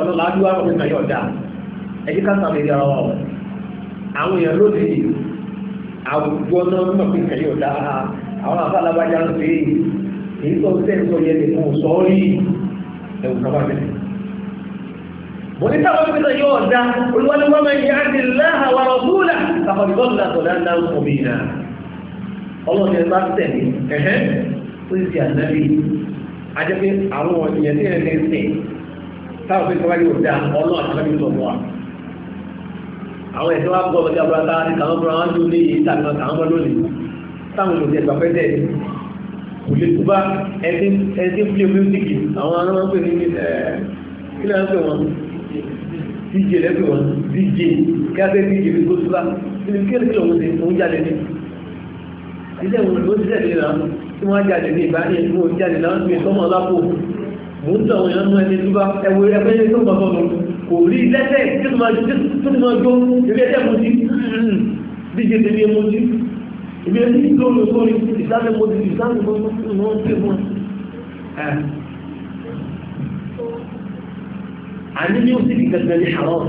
ọlọ́lá adúlá ọ̀gbìn kan yóò dá ẹ̀jẹ̀ ká sàmì ìdára wa àwọn èèyàn lóde yìí àwùjọ náà mọ̀ pé kẹ̀lé ọ̀dá àwọn àfa alábàjá ń pè é èyí tó tẹ̀ ń sọ yẹn lè fún sọ rí ẹ̀wù kan bá bẹ̀rẹ̀. mo ní sábà pé náà yóò da olúwaní wọn máa ń yá ní láhà wà lọ́dúnlá kàfàdúgbọ́dúnlá tọ̀dá ńlá ń kọ̀mí náà ọlọ́run ẹ̀ bá tẹ̀lé ẹ̀hẹ́ ó sì ànábì ajẹ́ àwọn èèyàn tí ẹ̀ lè sìn táwọn fi kọ́ àwọn ẹ̀sìn wá gbọ́ ọmọdé àbúrátá ní kàwọn bọ́ra wọn ló léyìí tàbí wọn kàwọn bọ́ lónìí táwọn olùdí ẹ̀gbà pẹ́ tẹ̀ kò lè túbá ẹ̀sìn play music àwọn aráwọ̀ ń pè ní kí ló ń pè wọn dj lẹ́pẹ̀ wọn dj kí á fẹ́ dj fi kó túbá kí kí ló ń ṣe òun jáde ní ilé ìwòsàn ló ti tẹ̀lé náà tí wọ́n jáde ní ìbáyé tí kò rí lẹ́sẹ̀ tí ó máa jó ilé ẹ̀jẹ̀ mo ti bí jẹ́ tẹ̀lé mo ti ìbí ẹni tó lò sórí ìsáré mo ti ìsáré mo ti ní wọ́n tẹ̀ fún ẹ. àní ní òsì ti gẹ̀gẹ̀ ní àwọn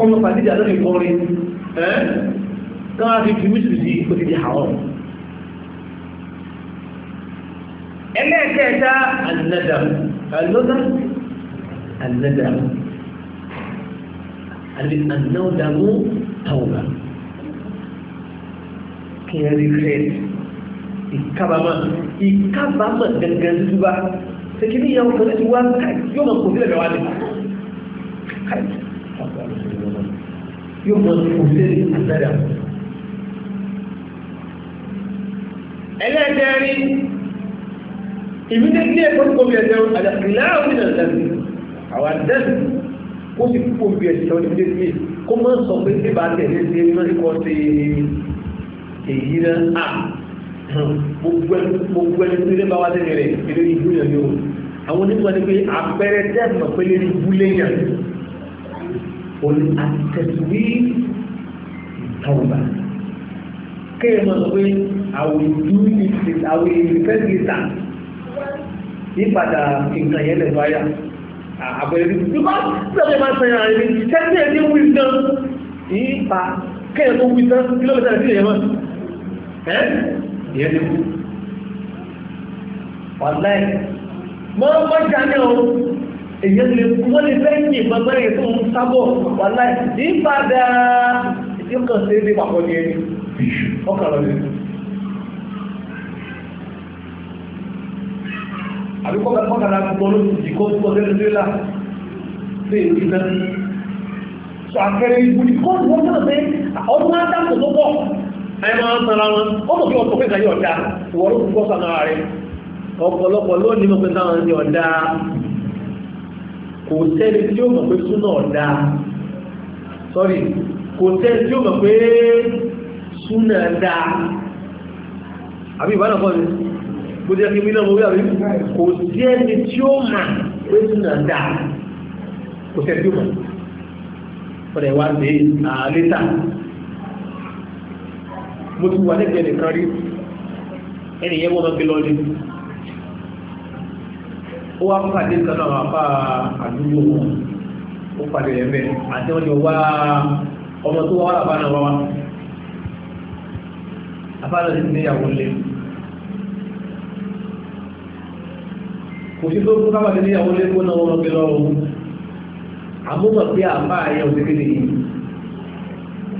ọmọ pàdéjà lórí kọrin ẹ́ káwá fi fi wíṣù sí òsì ti àwọn. ẹlẹ́ẹ̀kẹta ànádàm ànádàm alẹ́dàmú alẹ́dàmú tàwùbà kí ẹ rí rẹ̀ ìkábàmà ìkábàmà gẹ́gẹ́ lúbá tẹ́kí ní ìyàwó tọ́lẹ́ ti wá yóò mọ̀ kò sílẹ̀ wá ní yóò mọ̀ kò sílẹ̀ alẹ́dàmú ẹlẹ́dẹ̀ẹ́rin ìmídẹ́gbẹ́ ẹ̀kọ́ tó kọ́ bí ẹ̀dẹ́rún àdàkìlá òmìnira tàbí àwọn àdẹ́sì ó sì kúkú bí ẹ̀sìn lọ níbi dé kó mọ́ sọ pé bí bá tẹ̀lé sí ẹni lọ́sí kọ́ sí èyí náà à gbogbo ẹni tó lé bá wá tẹ̀lé rẹ̀ eré ìlú yẹn ni ó àwọn onímọ̀ ni pé àpẹẹrẹ tẹ́ẹ̀mọ̀ pé lé ní búlé yẹn òní àtẹ̀síwí ìtọ́wọ̀bà kéèyàn máa sọ pé àwọn ìdúró àwọn nípadà nǹkan yẹn lè àbẹ̀rí lọ́pẹ́ máa sẹ́yìn ààrẹ ní tẹ́tí ẹ̀ ní wí gan yìí pa kẹ́yẹ̀ tó wí tán kílọ́mítà sí ẹ̀yẹ̀mọ́ ẹ́ ìyẹn ti kú wàlẹ́ mọ́ mọ́jà ní ọ èyí lè kú wọ́n lè fẹ́ yìn gbọ́gbọ́n èyí tó ń sábọ̀ wàlẹ́ yìí padà ìdíkàn sí ibi pàpọ̀ ní ẹni ọkàn lọ́dún àbí kọ́kà kọ́kàrà gbogbo olóòtú kó tó ọdẹ́ lélá sí ìrìnà sọ àkẹrẹ ìbú ní kọ́ wọ́n náà pé ọdún máa tó pọ̀ ẹ máa wọn ó tó fi ọkọ̀ pé kàyé ọ̀dá ìwọ̀ ló kọ́ sànà rẹ̀ ọ̀pọ̀lọpọ̀ lónìí mọ̀ pé ní ọ̀dá kò sẹ́ni tí ó mọ̀ pé súnà ọ̀dá sorry kò sẹ́ni tí ó mọ̀ pé súnà dáa àbí ìbálòpọ̀ ni bó jẹ́ kí mílíọ̀nù wíwà rí kò sí ẹni tí ó mà pé súnà dà kò sẹ́ni tí ó mà ọ̀rẹ́ wa lè àlétà mo ti wà lẹ́gbẹ̀ẹ́ nìkan rí ẹni yẹn wọ́n máa gbé lọ́lé ó wá fún àdé kan náà àpá àdúgbò wọn ó padà rẹ̀ bẹ́ẹ̀ àti wọ́n ti wá ọmọ tó wá wà lábá náà wá wá àbá náà ní ìyàwó lẹ́nu. kò sí tó fún kábàtí ní àwọn olóko náà wọn fi lọ́wọ́ àmúmọ̀ pé àbá ayé òṣèkéde yìí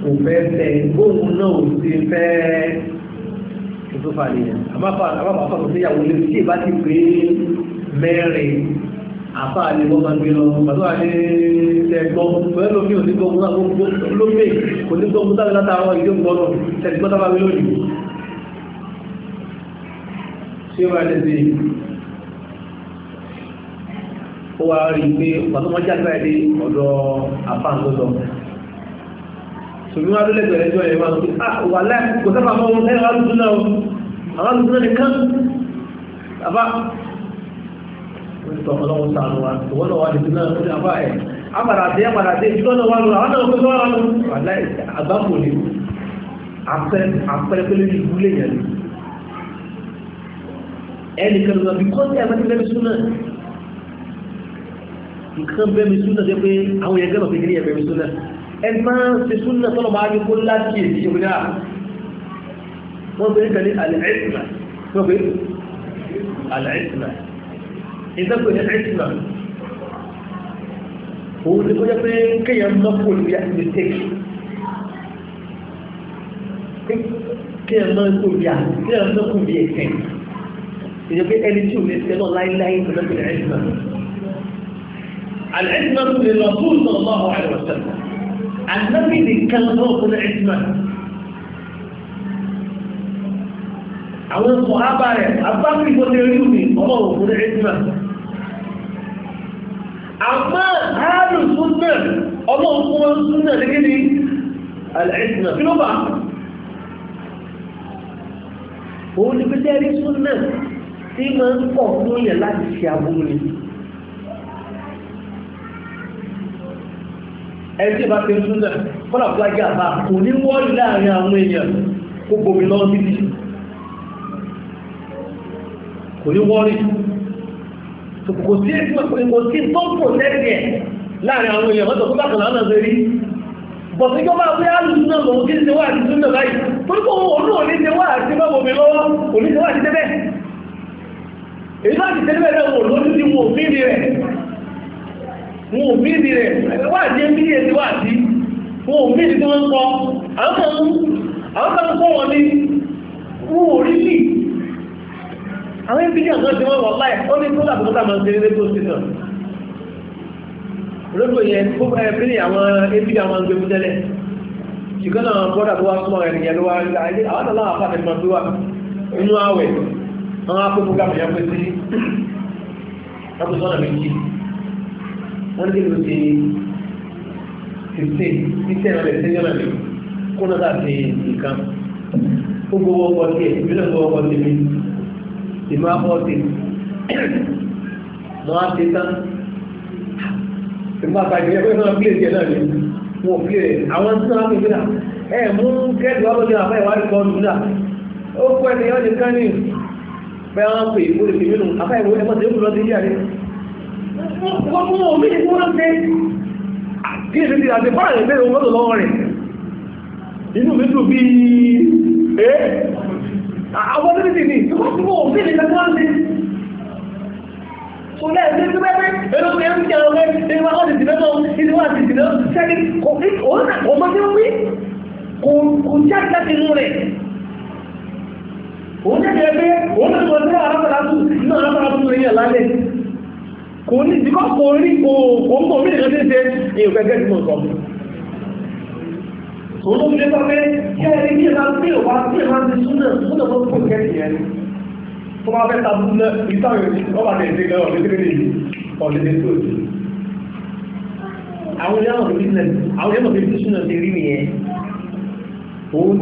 kò fẹ́ tẹ gbóhùn náà ò sí fẹ́ tuntun fà nìyẹn àbáfà àbáfà fà sí àwọn olóko tí ìbá ti pé mẹ́rin àbá àlè wọ́n máa gbé lọ pàtó àlè ẹ̀gbọ́n pẹ̀lú omi ò ní gbọ́gun náà gbogbo lómi kò ní gbọ́gun sáré látàárọ̀ ìdí ògbọ́n náà tẹ̀sígbọ́n tábà wí lónìí. ṣé wàá lè ṣe ó wá rí i pé pàtó wọn jáde báyìí dé ọ̀dọ̀ àfáàntọ́tọ̀ ṣùgbọ́n adúlẹ̀gbẹ̀rẹ̀ jọ ẹ̀ máa ń pè ah wà láì kò sábà mọ́ ohun ẹ̀rọ alùpùpù náà àwọn alùpùpù náà nìkan àbá tọ́ ọlọ́run sànù wa ìwọ́n náà wà nìkan náà ó ní àbá ẹ̀ àbàdàdé àbàdàdé ìjọ náà wà lọ àwọn náà pẹ̀lú àwọn wà láì àgbáfò ni àpẹẹrẹ pẹ̀lú ìlú lè yẹn ẹnìkan lọ bí kọ́ńtà ẹ̀ nǹkan bẹ́mi súnà jẹ́ pé àwọn yẹn gẹ́nà fìkìrí ẹ̀ bẹ́mi súnà ẹn máa ń ṣe súnà tọ́lọ̀ máa yíkó láti èdè òun náà wọ́n bẹ̀rẹ̀ kan ní alẹ́ẹ̀tìmà wọ́n pé alẹ́ẹ̀tìmà ìtẹ́kùn ní alẹ́ẹ̀tìmà òun ti kọjá pé kéèyàn mọ́kùn ní mistake kéèyàn mọ́kùn bí ìjọba ẹni tí ò lè ṣẹlọ láíláí ìtẹ́kùn ní العزمة للرسول صلى الله عليه وسلم النبي للكلام فوق العزمة أولا الصحابة أبقى في فتيريوني الله فوق العزمة أما هذا السنة الله هو السنة لكني العزمة في نبع هو اللي بدأ لي السنة في من قفلوا يلا تشيابوني ẹ̀sí ìbá fi tún náà fọ́nà fúlájá àbá kò ní wọ́ọ̀lù láàrin àwọn èèyàn kó gbomi lọ títí kò ní wọ́ọ̀lù kò sí kò sí tó pò tẹ́lẹ̀ láàrin àwọn èèyàn mọ́tò fúnbà kan lánàá sẹ́rí bọ̀síjọ́ bá wí áàlùsùn náà lòun kí ń ṣe wá àti tún náà báyìí torí kò wọ́n náà ní ṣe wá àti bá gbomi lọ́wọ́ kò mo ò mí ìdí rẹ̀ wà ní ẹbí ní ẹ̀sìn wà sí mo ò mí ìdí ń kọ́ àwọn kan wọn ní mo ò rí sí àwọn ẹbí ní ọ̀sán tí wọ́n láì ó ní tó dàbí tó dàbí ṣe rédíò sí náà rédíò yẹn ẹbí ní àwọn ẹbí àwọn tẹ́lẹ̀ ṣùgbọ́n àwọn bọ́dà tó wá súnmọ́ ló wá rí àwọn wọ́n ní kíló ti fifteen fifteen ọ̀rẹ́ sẹ́yọ́nà mi kó náà láti nǹkan ó gbowó ọkọ̀ tiẹ̀ ìbí náà gbowó ọkọ̀ tèmi ìmọ̀ akọ̀ tèmi mọ́ á ti tán ìmọ̀ àgbàjẹ́ ẹgbẹ́ náà pílẹ̀ tiẹ̀ náà ni wọ́n pílẹ̀ àwọn tí wọ́n á pèsè náà ẹ̀ mú kẹ́ẹ̀dù wá lóde àbá ìwádìí kan nù náà ó kọ́ ẹ̀ wọ́n mú omi ìwọ́n ṣe kí èsì ti àti bá rẹ̀ bẹ́ẹ̀ wọ́n lọ́wọ́ rẹ̀ inú mi dùn bí i ẹ́ àwọn onídìí ni tí wọ́n ti mú omi ìlẹ̀ wọ́n ṣe kò lẹ́ẹ̀ẹ́ tí wẹ́ẹ́ ẹ̀rọ ẹ̀rọ ti ẹ̀rọ rẹ̀ ẹ̀rọ wọ́n ti dìbẹ́ náà ìdí wọ́n ti dìbẹ́ sẹ́ni kò ní ọmọ tí wí kò jáde láti inú rẹ̀ òun jẹ́ kẹ́ẹ̀ẹ́ pé òun náà ti wọ́n ti rẹ̀ arábàlá tù náà arábàlá tù rẹ̀ lálẹ́ kò ní ìdíkọ́ kò rí òkòókò mí nìkan tí ń ṣe èèyàn gẹ́gẹ́ tí mo sọ tó ló fi lẹ́gbàá pé kẹ́rin ní ìlànà pé òwà tí ìlànà ti súnà múnà tó kò kẹ́rin yẹn tó máa fẹ́ ta bú náà ìtàwé ọba tẹ̀ ṣe gan ọ̀lẹ́dẹ́ lè ọ̀lẹ́dẹ́ tó ti àwọn ìyáwó fi bísínà àwọn ìyáwó fi bísínà ti rí nìyẹn òun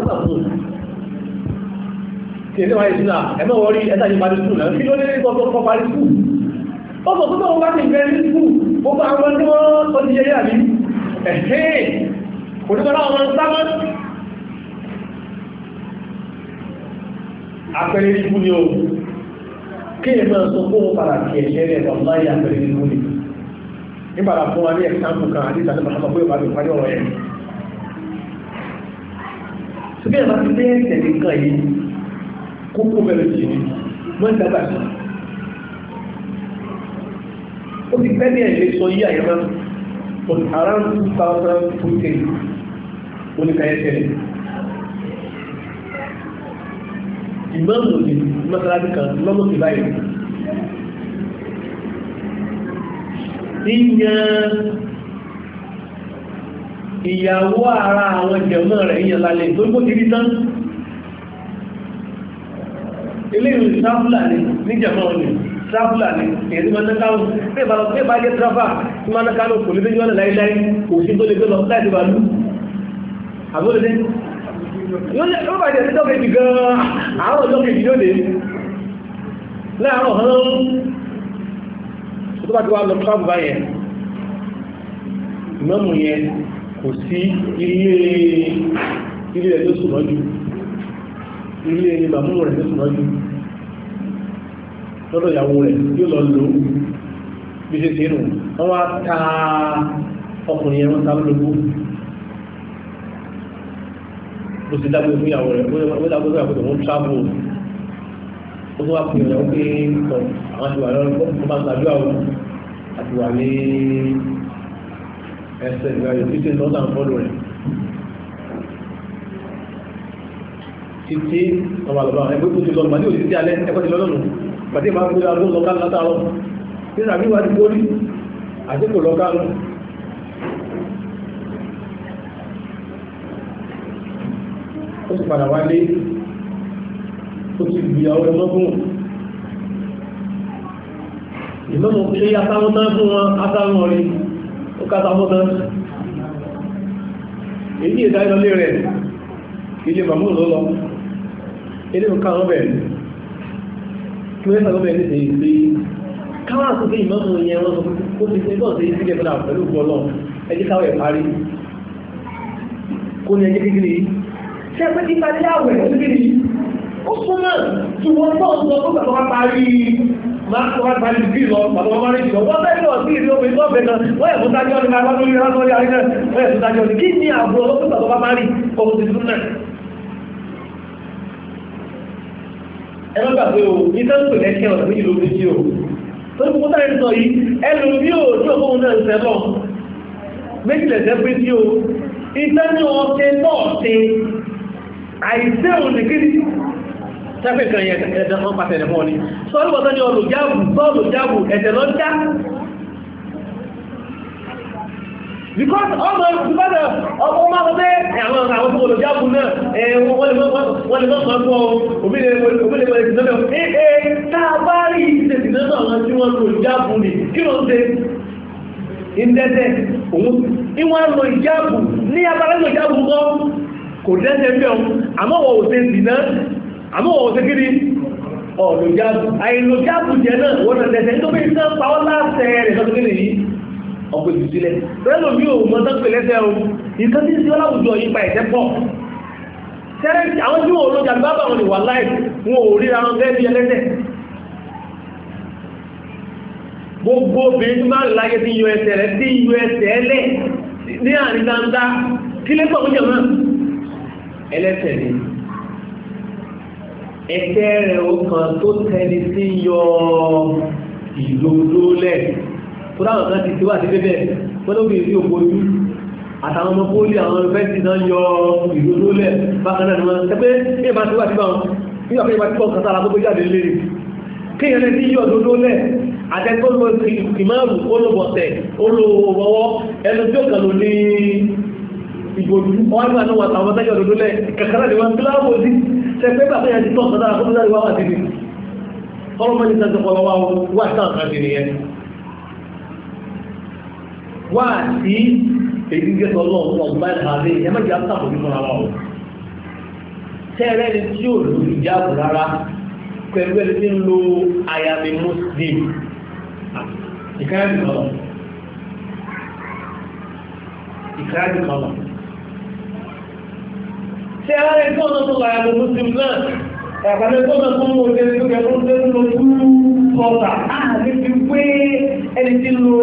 náà kìí wáyé sí náà ẹ̀mọ́ wọrí ẹ̀ta ti parí skul náà kí ló dé tó tó parí skul ó sọ fún tóun bá ti bẹ̀rẹ̀ ní skul gbogbo àwọn tí wọ́n tó ti yẹyẹ àbí ẹ̀hẹ́ kò ní ni o kí èèyàn máa sọ fún padà kí ẹ̀ṣẹ́ rẹ̀ wà máa yà apẹ̀rẹ̀ ní skul ni nígbàdà fún wa ní ẹ̀sánpù kan àti ìtàkùn àkọ́kọ́ pé ìpàdé ìpàdé kókó mẹ́rin jì ní wọ́n ń dábàá sí. ó ti pẹ́ ní ẹ̀lẹ́ sọ yí àyẹ̀mọ́ on around two thousand fourteen oníkayẹ̀tẹ̀lẹ̀. ìmọ̀ọ́mù ni mọ́sálásí kan lọ́mọ́ sí báyìí. Ìyàn ìyàwó ara àwọn jẹ̀mọ́ rẹ̀ yẹn lálẹ́ tó gbó ti rí tán ilé ìlú tráfúlà ní níjàmọ́ ní tráfúlà ní èyí máa nákàlù pé ìbára pé ìbá jẹ́ tráfà tí máa nákàlù kò lè déjúwọ́n láìláì kò sí tó lè gbé lọ láì dìbà lú àbólódé yóò bàjẹ́ sí tọ́kẹ́ jù gan-an àwọn tọ́kẹ́ jù bá ti tó sùn ilé ẹni màmú rẹ̀ ní sùnmọ́jú lọ́dọ̀ ìyàwó rẹ̀ yóò lọ lò ó bí ṣe ṣe nù wọ́n wá ta ọkùnrin ẹ̀rọ ta lóko bó ti dágbé fún ìyàwó rẹ̀ bó dágbé fún ìyàwó rẹ̀ wọ́n tábù ó tó wá pè é pé tọ̀ àwọn ti wà lọ́rọ̀ kó máa gbàdúrà àti wà ní ẹsẹ̀ ìgbà yòókù tí ń lọ́sàn fọ́lù rẹ̀. títí ọmọ àlọ́bà ẹgbẹ́ tó ti lọ màdí òsì sí alẹ́ ẹgbẹ́ ti lọ́lọ́nù pàdé máa ń gbé lọ́dún lọ́ká látàrọ tí ìrìnàmí wà ní bórí àdínkù lọ́ká lọ ó sì padà wá lé ó ti gbìyàwó ẹlọ́gùn ìlọ́nà pé atáwọn náà fún wọn atáwọn rí ó kátáwọn náà èyí ìdájọ́ lé rẹ̀ ilé màmú ló ilé nǹkan ọbẹ̀ kí wọ́n sọ ọbẹ̀ ní ṣe ìgbé káwọn àtúnṣe ìmọ̀mù yẹn wọ́n sọ kó ti ṣe bọ́ọ̀ sí ìsílẹ̀ fúnra pẹ̀lú gbọ́lọ̀ ẹjẹ́ káwọ̀ ẹ̀ parí kó ní ẹjẹ́ kékeré yìí ṣe pé ti parí àwẹ̀ kékeré yìí ó súnmọ́ tí wọ́n bọ́ sọ tó bàbá wa máa tó parí bí lọ bàbá wa parí jọ wọ́n bẹ́ẹ̀ lọ sí omi tó bẹ̀ wọ́n yẹ̀ fún tájọ́ ni máa bá lórí rán lórí àríkẹ́ wọ́n yẹ̀ fún tájọ́ ni kí ni àbúrò tó bàbá wa parí ọmọ tuntun náà ẹ̀rọ gbàgbé o ní sẹ́ńtò lẹ́kẹ́ ọ̀nà ní ìlú méjì o lórí kúkú táyé sọ yìí ẹnu bí o tí òkú náà ń sẹ́bọ̀ méjìlẹ̀sẹ̀ pé tí o iṣẹ́ ní ọ̀sẹ̀ náà ṣe àìsẹ́ òǹdíkìrì sáfẹ́ kan yẹn ẹ̀dẹ̀ wọn because ọmọ ìgbàdà ọmọ máa ń pẹ́ àwọn àwọn tó olùjá kù náà wọ́n lè mọ́ fún òmìnira ìgbàdà ẹ̀ẹ́ tàbá rí ìṣẹ̀sì náà àwọn tí wọ́n olùjá kù ní kí ló ń ṣe ìdẹ́dẹ́ òun ìwọ̀n lọ ìjáàbù ní abárẹ́lẹ̀ ìjáàbù mọ́ kò dẹ́dẹ́ bí ọun àmọ́wọ̀ òṣè dìná àmọ́wọ̀ òṣè gírí ọ̀lọ̀jáàbù àìlọ̀jáàbù jẹ́ náà wọ́n ọkọ̀ ìlú sílẹ̀ rẹ́lò mi ò mọ́ tó pè lẹ́sẹ̀ o ìkan tí ń sí ọláwùjọ yìí pa ẹ̀sẹ̀ pọ̀ tẹ́rẹ́ àwọn tí wọn ò lójà bábà wọn lè wà láì wọn ò ríra wọn fẹ́ bí ẹlẹ́sẹ̀ gbogbo obìnrin tí máa ń láyé sí yọ ẹsẹ̀ rẹ̀ sí yọ ẹsẹ̀ ni ẹsẹ̀ rẹ̀ ó kàn tó tẹni sí yọ ìlú lólẹ̀ fúláwọ̀ kan ti tiwá sí bẹ́bẹ̀ pẹ́lóbìnrin ní òkòjú àtàwọn ọmọ pólì àwọn fẹ́ǹsì náà yọ ìlú lólẹ̀ bákan náà ni wọ́n tẹ́ pé bí ìbá tiwá síbọn bí ọ̀pẹ́ ìbá tiwọ́ kan sára gbogbo jáde lé kéèyàn lè ní yọ òdodo lẹ̀ àtẹ́kọ́lọ́ ìmáàrù olóbọ̀tẹ̀ olówọ́wọ́ ẹnu tí ó kàn ló ní ìgbòdú ọwọ́gbà náà wàtà ọmọ tẹ́jọ́ òdodo lẹ̀ kàkàrà lè wọ́n kíláàbò sí tẹ́gbẹ́gbà fẹ́yà ti tọ́ wá sí èyí gẹ́gẹ́ ọlọ́run ọ̀gbá ìhàlẹ́ ẹ̀ mẹ́jọ àtàkùn nínú ara ọ̀ tẹ́rẹ́ ni tí ò lò ìjáàbù rárá pẹ̀lú ẹni tí ń lo ayami muslim ìkáyàbì kọlọ̀ ìkáyàbì kọlọ̀ tẹ́rẹ́ ni tí ọ̀nà tó lo ayami muslim náà ẹ̀kọ́lẹ́ tó lọ fún oṣù tó kẹ́ fún tó ń lo kú pọ̀tà á ní fi pé ẹni lo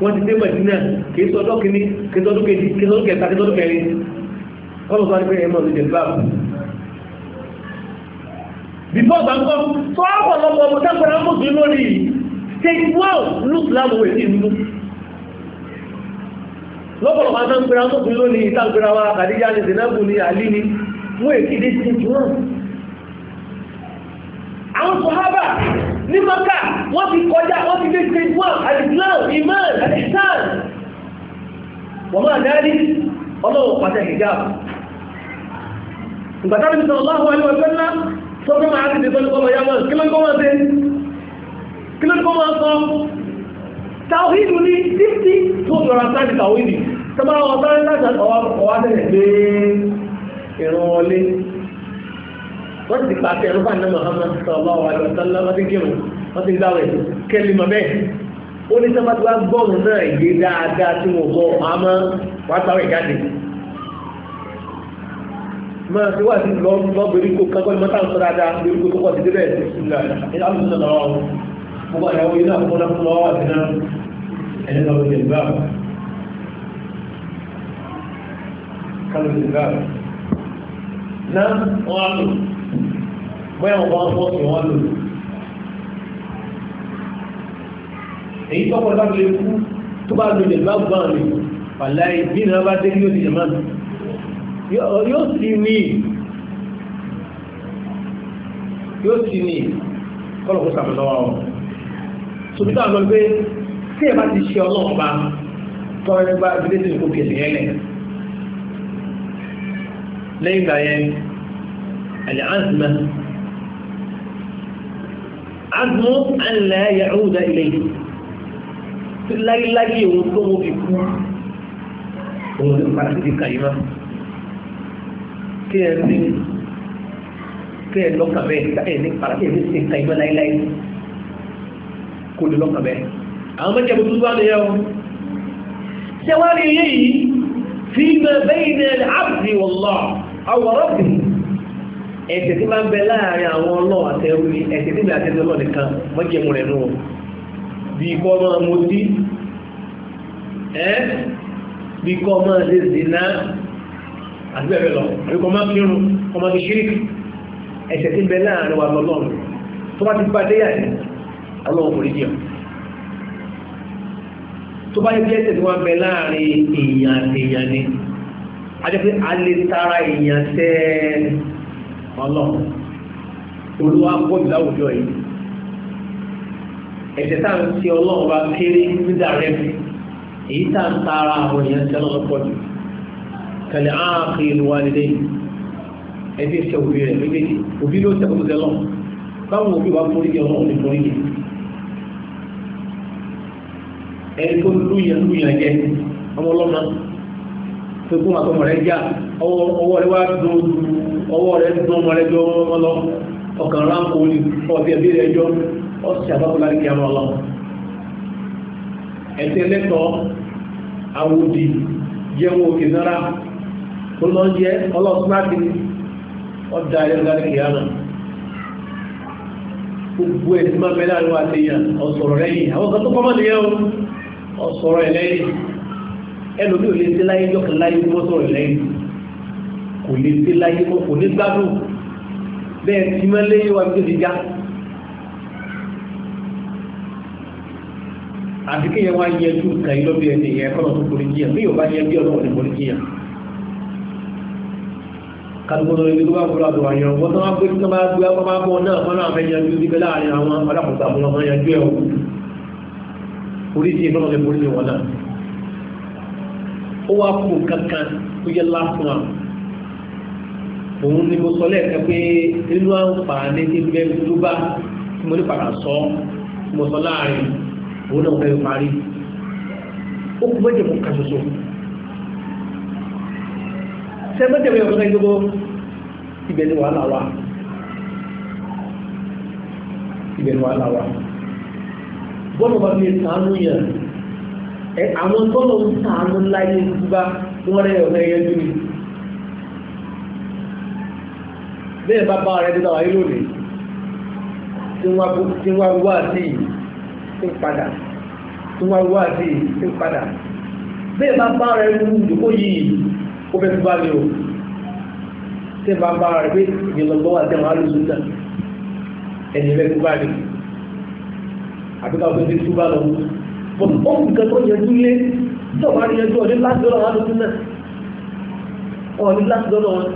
wọ́n ti dé mẹ̀dínà kìí sọ́dọ́ kìíní kìí sọ́dọ́ kejì kìí sọ́dọ́ kẹta kìí sọ́dọ́ kẹrin wọ́n lọ́sọ́ nípa ẹ̀mọ́ ìjẹ̀ báàbù before gbàgbọ́ tó ọ̀pọ̀lọpọ̀ ọmọ tápẹ̀rẹ̀ amóṣù lórí take well look láwọ̀ èdè ìlú lọ́pọ̀lọpọ̀ tápẹ̀rẹ̀ amóṣù lórí ìtàgbẹ̀rẹ̀ wa kàdíjà ní zinabu ní àlí ni wọ́n èkéde àwọn sọ̀hábà ní maka wọ́n ti kọjá wọ́n ti dé stage one alislam iman alisan wọ́n máa dárí ọlọ́wọ́ pàtẹ hijab ìgbàtà níbi sọ̀rọ̀ láwọn ẹni wọ́n fẹ́lá sọ́kọ́ máa ti dé sọ́lọ́ kọ́mọ yàmọ́ kí ló ń kọ́ máa ṣe kí ló ń kọ́ máa sọ tàwíìdù ní fífí tó lọ́ra sáàdì tàwíìdù tọ́bá wọ́n ti pàṣẹ ẹ̀rọ fún Muhammad sallallahu alaihi wasallam wọ́n ti kírun wọ́n ti gbáwẹ̀ kẹ́lí mọ́ bẹ́ẹ̀ ó ní sábà tí wọ́n gbọ́ọ̀rù náà yé dáadáa tí mo gbọ́ àmọ́ wàá sáwẹ̀ jáde máa ti wá sí lọ lọ gbèríko kankan ní mọ́tà ń sọ dáadáa gbèríko tó kọ́ sí débẹ̀ ní alùpùpù náà wọ́n gbogbo àyàwó yìí náà fún ọlọ́pùpù náà wà sí náà ẹni lọ́wọ́ ti gbà kálù ti gbà náà wọ́n á lò bóyá wọn bá ń fọ́ọ̀sì wọn lò èyí tọ́pọ̀ bá lè kú tó bá lè bá gbọ́n lè pàlá ìbí náà bá dé yóò dìjẹ̀ máa yóò sì ní yóò sì ní kọ́lọ̀kọ́ sàmìlọ́wọ́ ọ̀ sòmítà lọ pé tí ẹ bá ti ṣe ọlọ́run bá tọ́rẹ́ nígbà ìdílé tí kò kèsì yẹn lẹ̀ lẹ́yìn ìgbà yẹn العزمة عزم أن لا يعود إليه في الليل الذي يوصم بكم ومن فرح في قيمة كيف كيف لك به تأينك فرح في قيمة لا إليه كل لك به أما كيف تزوان اليوم سواء يجي فيما بين العبد والله أو ربه ẹ̀sẹ̀ tí máa ń bẹ láàrin àwọn ọlọ́wọ́ àtẹrù ni ẹ̀sẹ̀ tí bẹ̀rẹ̀ àtẹrù ọlọ́ọ̀ nìkan mọ́jẹ̀mú rẹ̀ nù bí kọ́ máa mo tí ẹ́ bí kọ́ máa lè zìnà àti bẹ́ẹ̀ lọ àbí kọ́ máa kírun kọ́ máa fi ṣíríkì ẹ̀sẹ̀ tí ń bẹ láàrin wa lọ́lọ́run tó bá ti bá dé yàtì ọlọ́run kò ní jẹun tó bá yẹ kí ẹ̀sẹ̀ tí ni a jẹ́ pé a lè tara èèyàn ọlọ́run olúwa ń bọ̀ láwùjọ yìí ẹ̀jẹ̀ tá à ń ṣe ọlọ́run bá kéré nígbà rẹ̀ èyí tá à ń ta ara àwọn èèyàn ṣe lọ́pọ̀ jù kẹlẹ̀ áàkì ìlú wa nílé ẹbí ṣe òbí rẹ̀ méjèèjì òbí ló ṣẹ̀kọ́ ṣe lọ báwọn òbí wa forí jẹ ọlọ́run ní forí jẹ ẹni tó lúyàn lúyàn jẹ ọmọ ọlọ́run náà tó kún àtọmọ rẹ̀ já ọwọ́ rẹ̀ wá dùn ọwọ́ rẹ̀ dùn ọmọ rẹ̀ ọkàn ránkò ní ọbẹ̀ ẹbí rẹ̀ jọ ọ̀sẹ̀ àbákọ́lá ní kíá ọlọ. ẹ̀sẹ̀ lẹ́tọ̀ọ́ àwòdì jẹun òkè nára ò lè kò lè sí láyé mọ́ kò ní gbádùn bẹ́ẹ̀ tí wọ́n lé yíwa tó ti já àti kéèyàn wá yẹjú nǹkan yìí lọ́bí ẹni yẹn kọ́nà tó forí jiyàn bí yóò bá yẹ bí ọlọ́wọ́ ní forí jiyàn kálukọ́nà ibi tó bá fọ́lá àti wà yẹn wọ́n tó máa gbé tó máa gbé ọkọ̀ máa bọ̀ náà kọ́nà àfẹ́ yanjú síbẹ̀ láàrin àwọn alákòóso àwọn ọmọ yanjú ẹ̀ oríṣi ìfọ́nà lè forí jiyàn wọn náà ó wá kó kankan ó yẹ lásán òun ni mo sọ lẹ́ẹ̀kan pé nínú àǹfààní tí bẹ́ẹ̀ tó bá tí mo ní padà sọ mo sọ láàrin òun náà fẹ́ parí ó kú méjì fún kan ṣoṣo ṣe méjì fún kan ṣoṣo ibẹ̀ ni wàhálà wà ibẹ̀ ni wàhálà wà bọ́ọ̀lù bá fi sàánú yẹn àwọn tọ́lọ̀ ń sàánú láyé gbígbá wọ́n rẹ̀ ọ̀rẹ́ yẹn dúró bẹ́ẹ̀ bá bá rẹ̀ dídá wáyé lónìí tí wọ́n wá sí tí ń padà tí wọ́n wá sí tí ń padà bẹ́ẹ̀ bá bá rẹ̀ rú ìdókò yìí ó fẹ́ fi bá mi o tí bá bá rẹ̀ pé ìgbìlọ́gbọ́ wà tẹ̀wọ̀n alùsùn náà ẹni rẹ̀ fi bá mi àbíká òfin ti túbá lọ bọ̀n ó ń gẹ́ tó yẹjú lé tó bá rí ẹjọ́ ní láti dọ́là alùsùn náà ọ̀ ní láti dọ́là wọn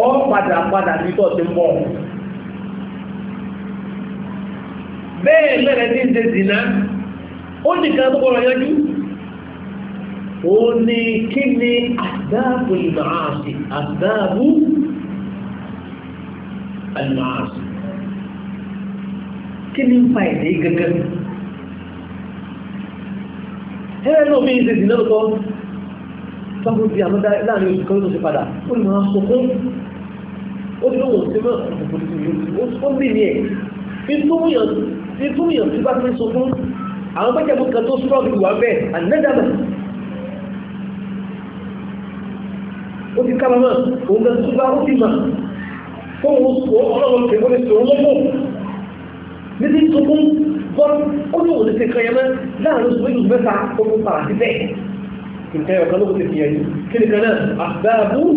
ọ padà padà ní tó ti pọ̀ bẹ́ẹ̀ mẹ́rẹ̀ tí ń ṣe zìnà ó nìkan tó kọ́rọ̀ yanjú ó ní kí ni àdáàbò ìmọ̀-àṣì àdáàbò ìmọ̀-àṣì kí ni ń fa ìdí gẹ́gẹ́ ẹ̀rẹ́ lómi ń ṣe zìnà lọ́tọ́ sáfù di àmọ́dá láàrin oṣù kan tó ṣe padà ó lè máa sọ fún ó ní òun ṣe máa kòkòrò sí yóò ó bì ní ẹ̀ ìtúmùyàn tí bá fi sọ fún àwọn pẹ́jẹ́ mú kan tó sọ́ọ̀bù wà bẹ́ẹ̀ ànádàmà ó ti kábàámà òun gan tó bá ó ti mà fóun ọlọ́run pè wọlé sòrò lọ́pọ̀ ní ti sọ fún bọ́ọ̀lù ó ní òun ṣe kan yẹn mọ́ láàrin oṣù méjì mẹ́ta ó fún para sí bẹ́ẹ̀ تلكاية وكلغة الكيائي يعني كلي كنا أحباب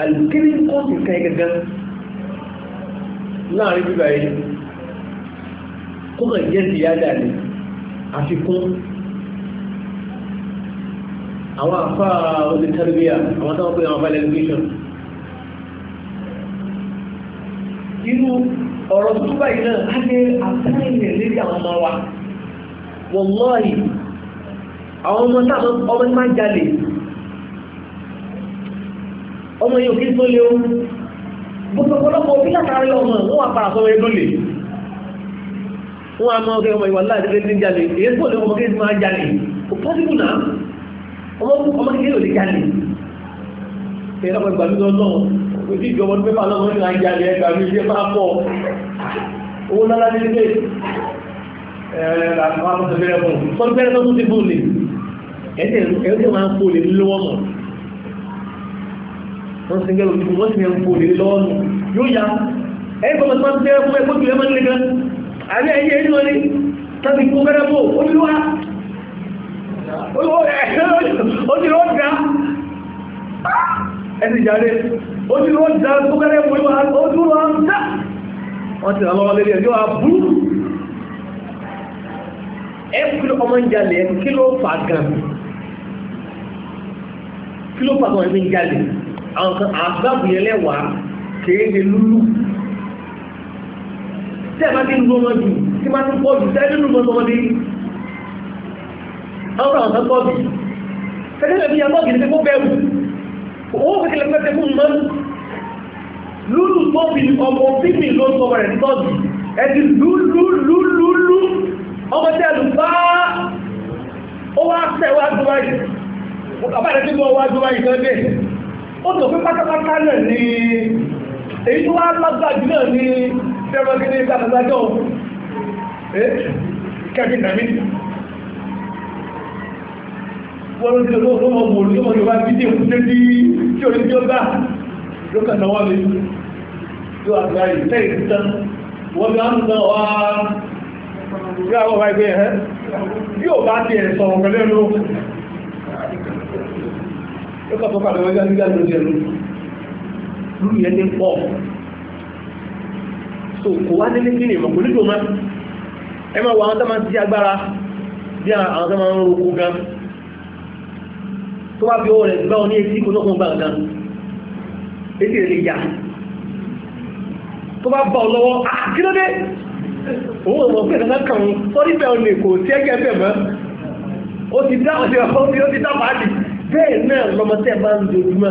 الكلي القوة تلكاية جدا نعم، لا أعرف بأي قوة يزي يا داني عشي قوة أو أعفاء وزي التربية أو أعطاء وزي أعفاء الالوكيشن إنو أرسل بأينا حتى أعطاني من ليلة والله àwọn ọmọ táwọn ọmọ ní máa jalè ọmọ yóò kí tó lé o gbogbo ọ̀pọ̀lọpọ̀ òbí látàrí ọmọ wọn wà para sọ́wọ́ ẹgbẹ́ lè wọn a máa ọkẹ́ ọmọ ìwà láàrin ní jalè èyí tó lé ọmọ kéèké máa jalè kò pọ́sibú náà ọmọ kéèké lè jalè ẹ̀rọ ọmọ ìgbàlú lọ́nà òbí ìjọba ọdún mẹ́fà lọ́wọ́ ní àjálẹ̀ ẹgbàlú iṣẹ́ máa pọ̀ owó lára nílé ẹ̀rọ àwọn ọmọ ìgbàlú ẹ̀ẹ́dẹ̀ ẹ̀ẹ́dẹ̀ máa ń fò lè lọ́wọ́ mọ̀ wọ́n sì ń gẹ́rù nípa wọ́n sì ń fò lè lọ́wọ́ mọ̀ yóò ya ẹ̀ẹ́dẹ̀ kọ́mọ̀ tó ń tẹ́ fún ẹgbẹ́ jùlẹ̀ máa ń lè gan àbí ẹ̀yẹ ẹ̀yẹ lọ ní tàbí kó fẹ́rẹ́ bò ó ní wá ó ní lọ́ọ́ kí ló pàtàkì ẹgbẹ́ ń jáde àwọn kan àgbàbù yẹn lẹ́wàá kéde lúlù tí a bá ti ń lu ọmọ jù tí bá ti pọ̀ jù tí a ti ń lu ọmọ ọmọdé àwọn kan àwọn kan fẹ́lẹ́lẹ́ bí yàmọ́ gẹ̀ẹ́gẹ́ kó bẹ̀rù owó fẹ́kẹ́lẹ́ pẹ́pẹ́ fún mọ́ lúlù tó bí ọmọ bíbí ló sọ rẹ̀ tọ́jú ẹ̀dì lúlúlúlú ọmọ tí a lù bá ó wá tẹ́wàá tó wáyé bàbá tí lọ wá jọ wáyé gẹ́gẹ́ ó tó fún pátápátá náà ní èyí tó wá lágbàjú náà ní fẹ́rọ̀gídé ìgbàlájọ́ kẹ́kẹ́ nàmí wọ́n ló dìde lọ́wọ́ lọ́wọ́ wò lọ́wọ́ yóò wá fídí òkúté tí tí orí tí ó bá lókà náwọ́ mi yóò àgbà ìtẹ́ ìtàn wọ́n bí lọ́kọ̀ tó pàdé wọ́n gárígá ló jẹ́ lórí lórí yẹn so kò wá nílé kí ni ìmọ̀ kò nílò máa ẹ máa wọ àwọn tó máa ti agbára bí àwọn tó máa ń roko gan tó bá fi owó rẹ̀ gbá ọ ní etí kò lókun gbàngàn etí rẹ̀ lè yà tó bá bá ọ lọ́wọ́ àkílódé òun ò mọ̀ pé ẹ̀ka kàn ń sọ́rí bẹ́ẹ̀ ò lè ó ti dá ọ̀sẹ̀ ọ̀hún bẹ́ẹ̀ náà lọ́mọ tẹ́ bá ń dojúmọ́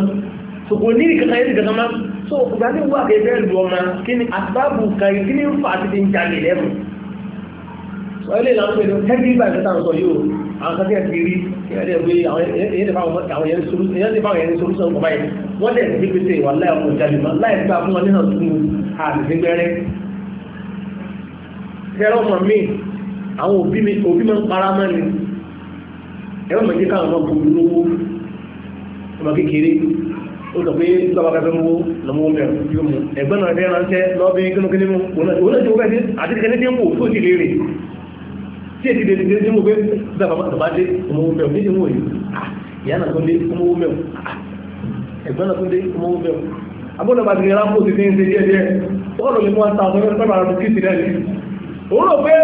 sòkò ní ìkankan yẹn kankan máa so ìgbà tí wà kẹfẹ́ lu ọmọ kí ni àtibábù kan kí ni ń fa àti ti ń jalè lẹ́nu ọlẹ́ ìlànà pẹ̀lú tẹ́bí ìgbà ìfẹ́ta ń sọ yóò àwọn kan tẹ́ ti rí èyí tẹ́ fáwọn èyí tẹ́ solúsọ ọkọ̀ báyìí wọ́n tẹ̀ sí pété ìwà láì ọkọ̀ jalè mọ́ láì gbà fún wọn nínà tún àti gbẹ́rẹ́ fẹ́ràn ọmọ mi àwọn òbí mi òbí mi ń para mọ́ ni ẹ̀rọ mọ̀ ọmọ kékeré ó sọ pé lọ́wọ́ kẹfẹ́ mú lọ́mú mẹ́rin yóò mú ẹ̀gbọ́n náà fẹ́ràn tẹ́ lọ́bí kínúkínú mú òun náà ti wọ́n fẹ́ àti kẹ́kẹ́ ní mú tó ti lérè tí èdè lè dé sí mú pé bàbá dé ọmọ mẹ́rin ní ti mú òyìn ah, ìyá náà tó dé ọmọ mẹ́rin ah, ẹ̀gbọ́n náà tó dé ọmọ mẹ́rin abúlé bá ti rẹ̀ rámpó ti fi ń ṣe díẹ̀ díẹ̀ wọ́n lọ lè mú ata ọ̀sán mẹ́rin pẹ́pàá kí ti rẹ̀ ní òun rò pé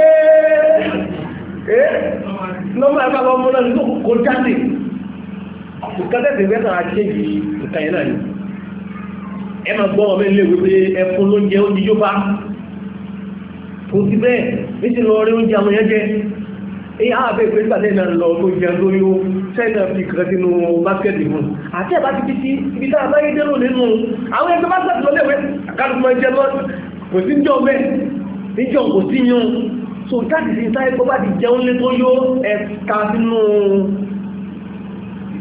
ẹ́ eh, lọ́mọ nǹkan tẹ́sí fẹ́ náà ṣe yìí nǹkan yẹn náà ni ẹ máa gbọ́ ọmọ ilé ìwé pé ẹfun ló ń jẹ oúnjẹ yóò bá kò sí bẹ́ẹ̀ bí ti lọ rí oúnjẹ àwọn yẹn jẹ èyí á bẹ́ẹ̀ pé nígbà tẹ́yìn náà lọ tó jẹ tó yó tẹ́yìn náà fi kàn sínú báskẹ́tì fún àti ẹ̀bá ti fi sí ibi tá a bá yé dérò nínú àwọn ẹgbẹ́ bá sàtúnlọ lẹ́wẹ́ àkàtúntò máa jẹ lọ kò sí níjọ bẹ́ẹ̀ níjọ kò sí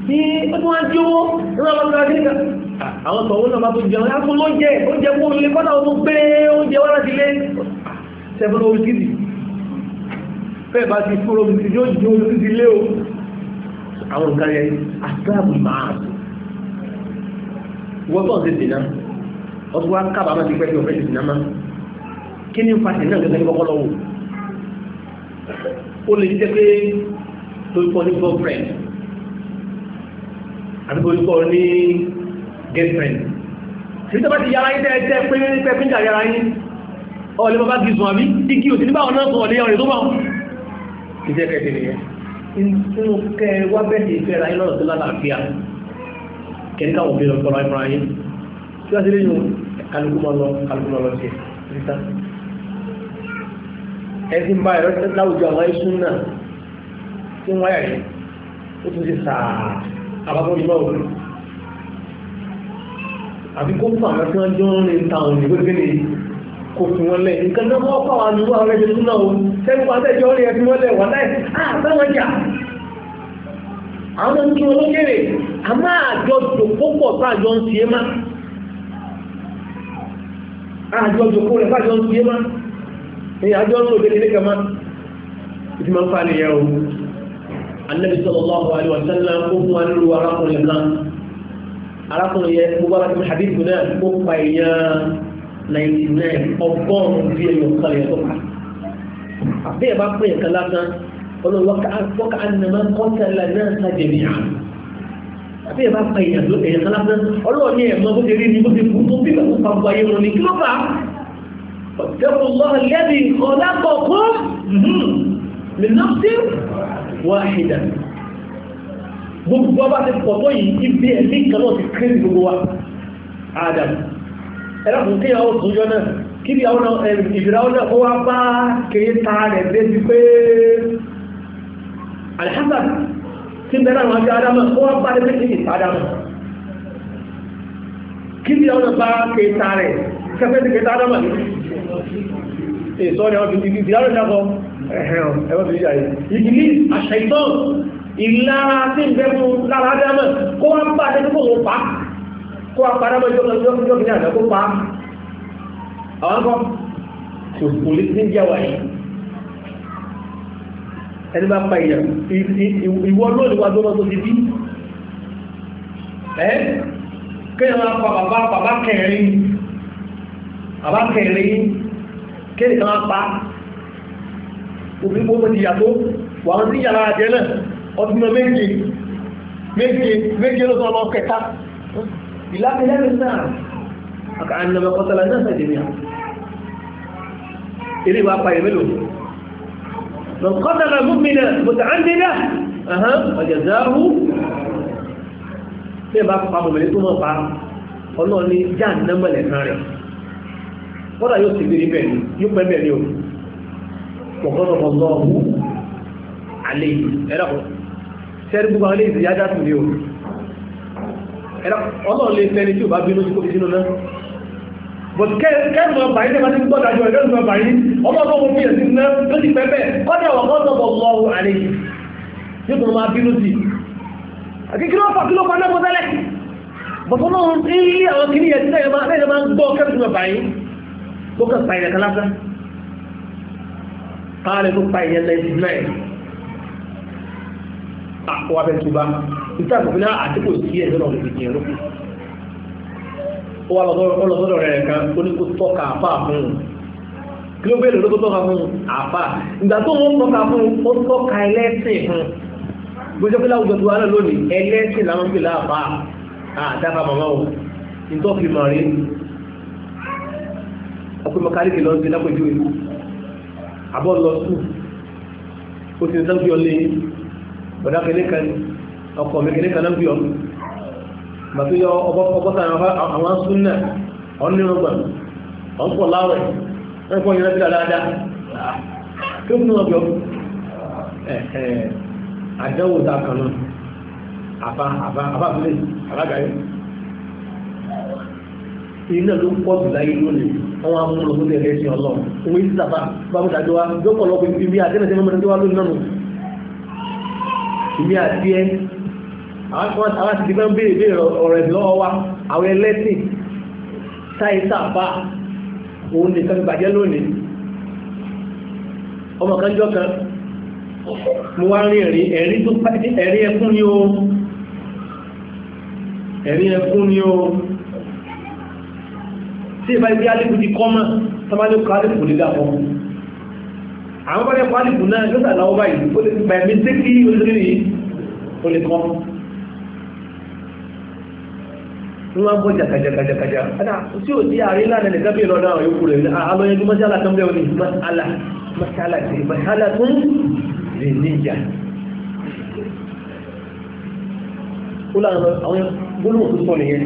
tí ó tún wá ń jówó ìrọ̀lọ́gbọ̀n àdínkà àwọn tọ̀wọ́ náà bá tó jẹun á fún lóúnjẹ oúnjẹ fún olè kọ́nà ó tún pé oúnjẹ wá láti lé seven oh six bẹ́ẹ̀ bá ti fún omi yóò jẹ omi sí lé o àwọn nǹkan yẹn àtàbù máa wọ́n tọ̀ sí dènà ọdún wa kábàámà ti ni fa dènà gẹ́gẹ́ ní kọ́kọ́ lọ́wọ́ o lè àdúgbòríkọ ní girlfriend tí tó bá ti yára yín tẹ́ẹ̀tẹ́ pé pẹ́pín jà yára yín ọ̀lẹ́ bàbá gi sùn àbí tí kí o ti nígbà ọ̀nà sùn ọ̀lẹ́ ọ̀rẹ́ tó bá wọn ìjẹ́ kẹ́ tẹ̀lé yẹn nínú kẹ́ wá bẹ́ẹ̀ ti fẹ́ ra yín lọ́rọ̀ tó lálàáfíà kẹ́ríkà wọ́n fi lọ́kọ́ láì fúnra yín tí wọ́n ti lé yun kálukú mọ́ lọ kálukú mọ́ lọ sí ẹ̀ ẹ̀sìn bá ẹ̀rọ láwùjọ àwọn ẹ̀sùn náà tí wọ́n yà yẹn ó tún ti sàá àbábọ́ ìmọ̀ òun àbí kó fún àwọn tí wọ́n jọ ń rìn ta òun ìwé gbé kò fún wọn lẹ̀ nǹkan tó wọ́n fà wà ní wọ́n rẹ̀ tún náà sẹ́nu pàṣẹ ìjọ rẹ̀ fi wọ́n lẹ̀ wà láì àtàwọn ah, jà àwọn tí wọn lókèrè a máa jọ jò púpọ̀ tó àjọ ń ṣe é má àjọ jò kó rẹ̀ fàjọ ń ṣe é má ní anabi sallallahu alaihi wa sallam kó fún wa nílùú arákùnrin kan arákùnrin yẹn gbogbo ara ti fi hadith náà kó pa èèyàn ninety nine ọgọ́rùn-ún bí ẹ̀yọ̀ kan yẹn tó pa àbí ẹ̀ bá pè é kan lásán olùwọ́kà ànàmọ́ kọ́tàlá náà sàjẹ̀mí àná àbí ẹ̀ bá pa èèyàn tó èèyàn kan lásán ọlọ́ọ̀ni ẹ̀ mọ bó ti rí ni bó ti kú tó bí bàbá pa gbọ́ ayé wọn ni kí ló fà á ọ̀tẹ́kùn lọ́ọ̀ lẹ́bi ọ̀lá kọ̀ọ̀kọ́ mìíràn wáhìdà gbogbo ọba ti pọ̀ tó yìí ibi ẹ̀mí kan náà ti kéré gbogbo wa adam ẹlẹ́kùn kí àwọn òtún yọ náà kí ni àwọn ìbìrà ọ̀nà ó wá bá kéré ta rẹ̀ débi pé alhamdulillah tí bẹ̀rẹ̀ àwọn ajá adam ó ẹ̀wọ́n fi ṣàyẹ̀ ìgbìlì àṣàìtàn ìlara tí ń bẹ fún lára dámọ̀ kó wá bá dé kó wọ́n pa kó wá padà mọ́ ìjọba ìjọba ìjọba ìjọba ìjọba kó pa àwọn kan kò kò lè ti ń jẹ́ wáyé ẹni bá pa ìyà ìwọ lónìí wá gbọ́mọ́ tó ti bí ẹ́ kéèyàn máa pa bàbá bàbá kẹrin bàbá kẹrin kéèyàn máa pa òfin mọ́ ti yàtọ̀ wà ń rí yàrá àjẹ́ náà ọdún náà méje méje méje ló sọ́nà kẹta ìlàmìlẹ́mì náà àkà ànàmà kọtàlá náà sẹ̀dẹ̀ ní à eré wa pa ìrẹ́lò lọ́n kọtàlá gómìnà bùtà àndínà ọjà záàrù tí ẹ bá pa mọ̀mọ̀lẹ́ tó mọ̀ pa ọlọ́ọ̀ni jáà námọ̀lẹ̀ kan rẹ̀ kọ́dà yóò sì gbé níbẹ̀ yóò pẹ́ bẹ̀ ni o wọ̀kọ́dọ̀ ọlọ́ọ̀hù alẹ́ ẹ̀rọ sẹ́rí gbogbo àwọn ilé ìyájá tún ní o ọlọ́ọ̀ lè fẹ́ni tí ò bá bínú sí kòbí sínú náà but kẹ́rù ọba ilé bá ti ń gbọ́dọ̀ àjọ ìlú ọba yìí ọmọ ọmọ ọmọ fìyà sí náà ló ti pẹ́ bẹ́ẹ̀ kọ́dọ̀ ọ̀kọ́dọ̀ ọlọ́ọ̀hù alẹ́ yìí yóò tó máa bínú káàrẹ̀ ló pa ìyẹn lẹ́yìn ìdúná ẹ̀ àpò abẹ́túbá ah, níta kò fi náà àdínkù sí ẹ̀ lọ́nà òdìdì ẹ̀rọ kù ó wà lọ́sọ́dọ̀ rẹ̀ kan ó ní kó tọ́ka àfà fún un kí ló bẹ̀rẹ̀ ló tó tọ́ka fún àfà ìgbà tó ń tọ́ka fún ó tọ́ka ẹlẹ́sìn fún gbọ́jọ́ pé láwùjọ tó wà náà lónìí ẹlẹ́sìn làwọn gbé láàfà àdáfà ah, màmá o nítorí màrí ọkùnrin mọ́kálíkì lọ́sí lápẹ́jú ìlú àbọ̀ lọ sùn ó ti sẹ́ńtì ọ lé bọ̀dá kẹ́lẹ́ kan ọkọ̀ mi kẹ́lẹ́ kan náà bí ọ màtí yọ ọbọ̀ta àwọn súnnà ọ̀nìyàngbà ọ̀pọ̀ láwẹ̀ ẹ̀kọ́ yẹn lẹ́bí dáadáa kí ó fún ọjọ́ ẹ̀ẹ̀ àjẹ́wò dákanú àbá àbá àbá àbá àbá àbá àbá iná ló pọ̀ jù láyé lónìí àwọn amúnlòmú tẹ̀lé ẹ̀sìn ọlọ́run òun yìí sábà bámúdájọ́ wa lọ́pọ̀lọpọ̀ ibi àtẹ́mẹ̀tẹ́ mọ́mọ́dájọ́ wa lónìí náà ìmí àti ẹ àwọn ti dìbọn béèrè béèrè ọ̀rọ̀ ẹ̀dùn lọ́wọ́ wa àwọn ẹlẹ́sìn táì sábà òun nìkan ti bàjẹ́ lónìí ọmọ kan jọ kan mo wá rí ẹ̀rí ẹ̀rí tó pẹ́ ẹ̀rí ẹkún ni o ẹ̀rí ẹkún ni o tí ìbá ibi alìkù ti kọ́ mọ́ tọ́bálẹ̀ kọ́ alìkù lè dàpọ̀ àwọn bọ́lẹ̀ kọ́ alìkù náà yóò tàbí àwọn báyìí ó lè gbà mí sí kí olórí yìí ó lè kọ́ ní wọ́n bọ́ jàkàjàkàjàkàjà ọ̀dà tí ò sí àárín lánàá nìkan bí ìrọ̀dá àwọn yòókù rẹ̀ alọ́yẹnjú mọ́sálà kan bẹ́ẹ̀ ni mọ́sálà mọ́sálà tí mọ́sálà tún lè níjà ó láwọn gbólóhùn tó sọ nìyẹn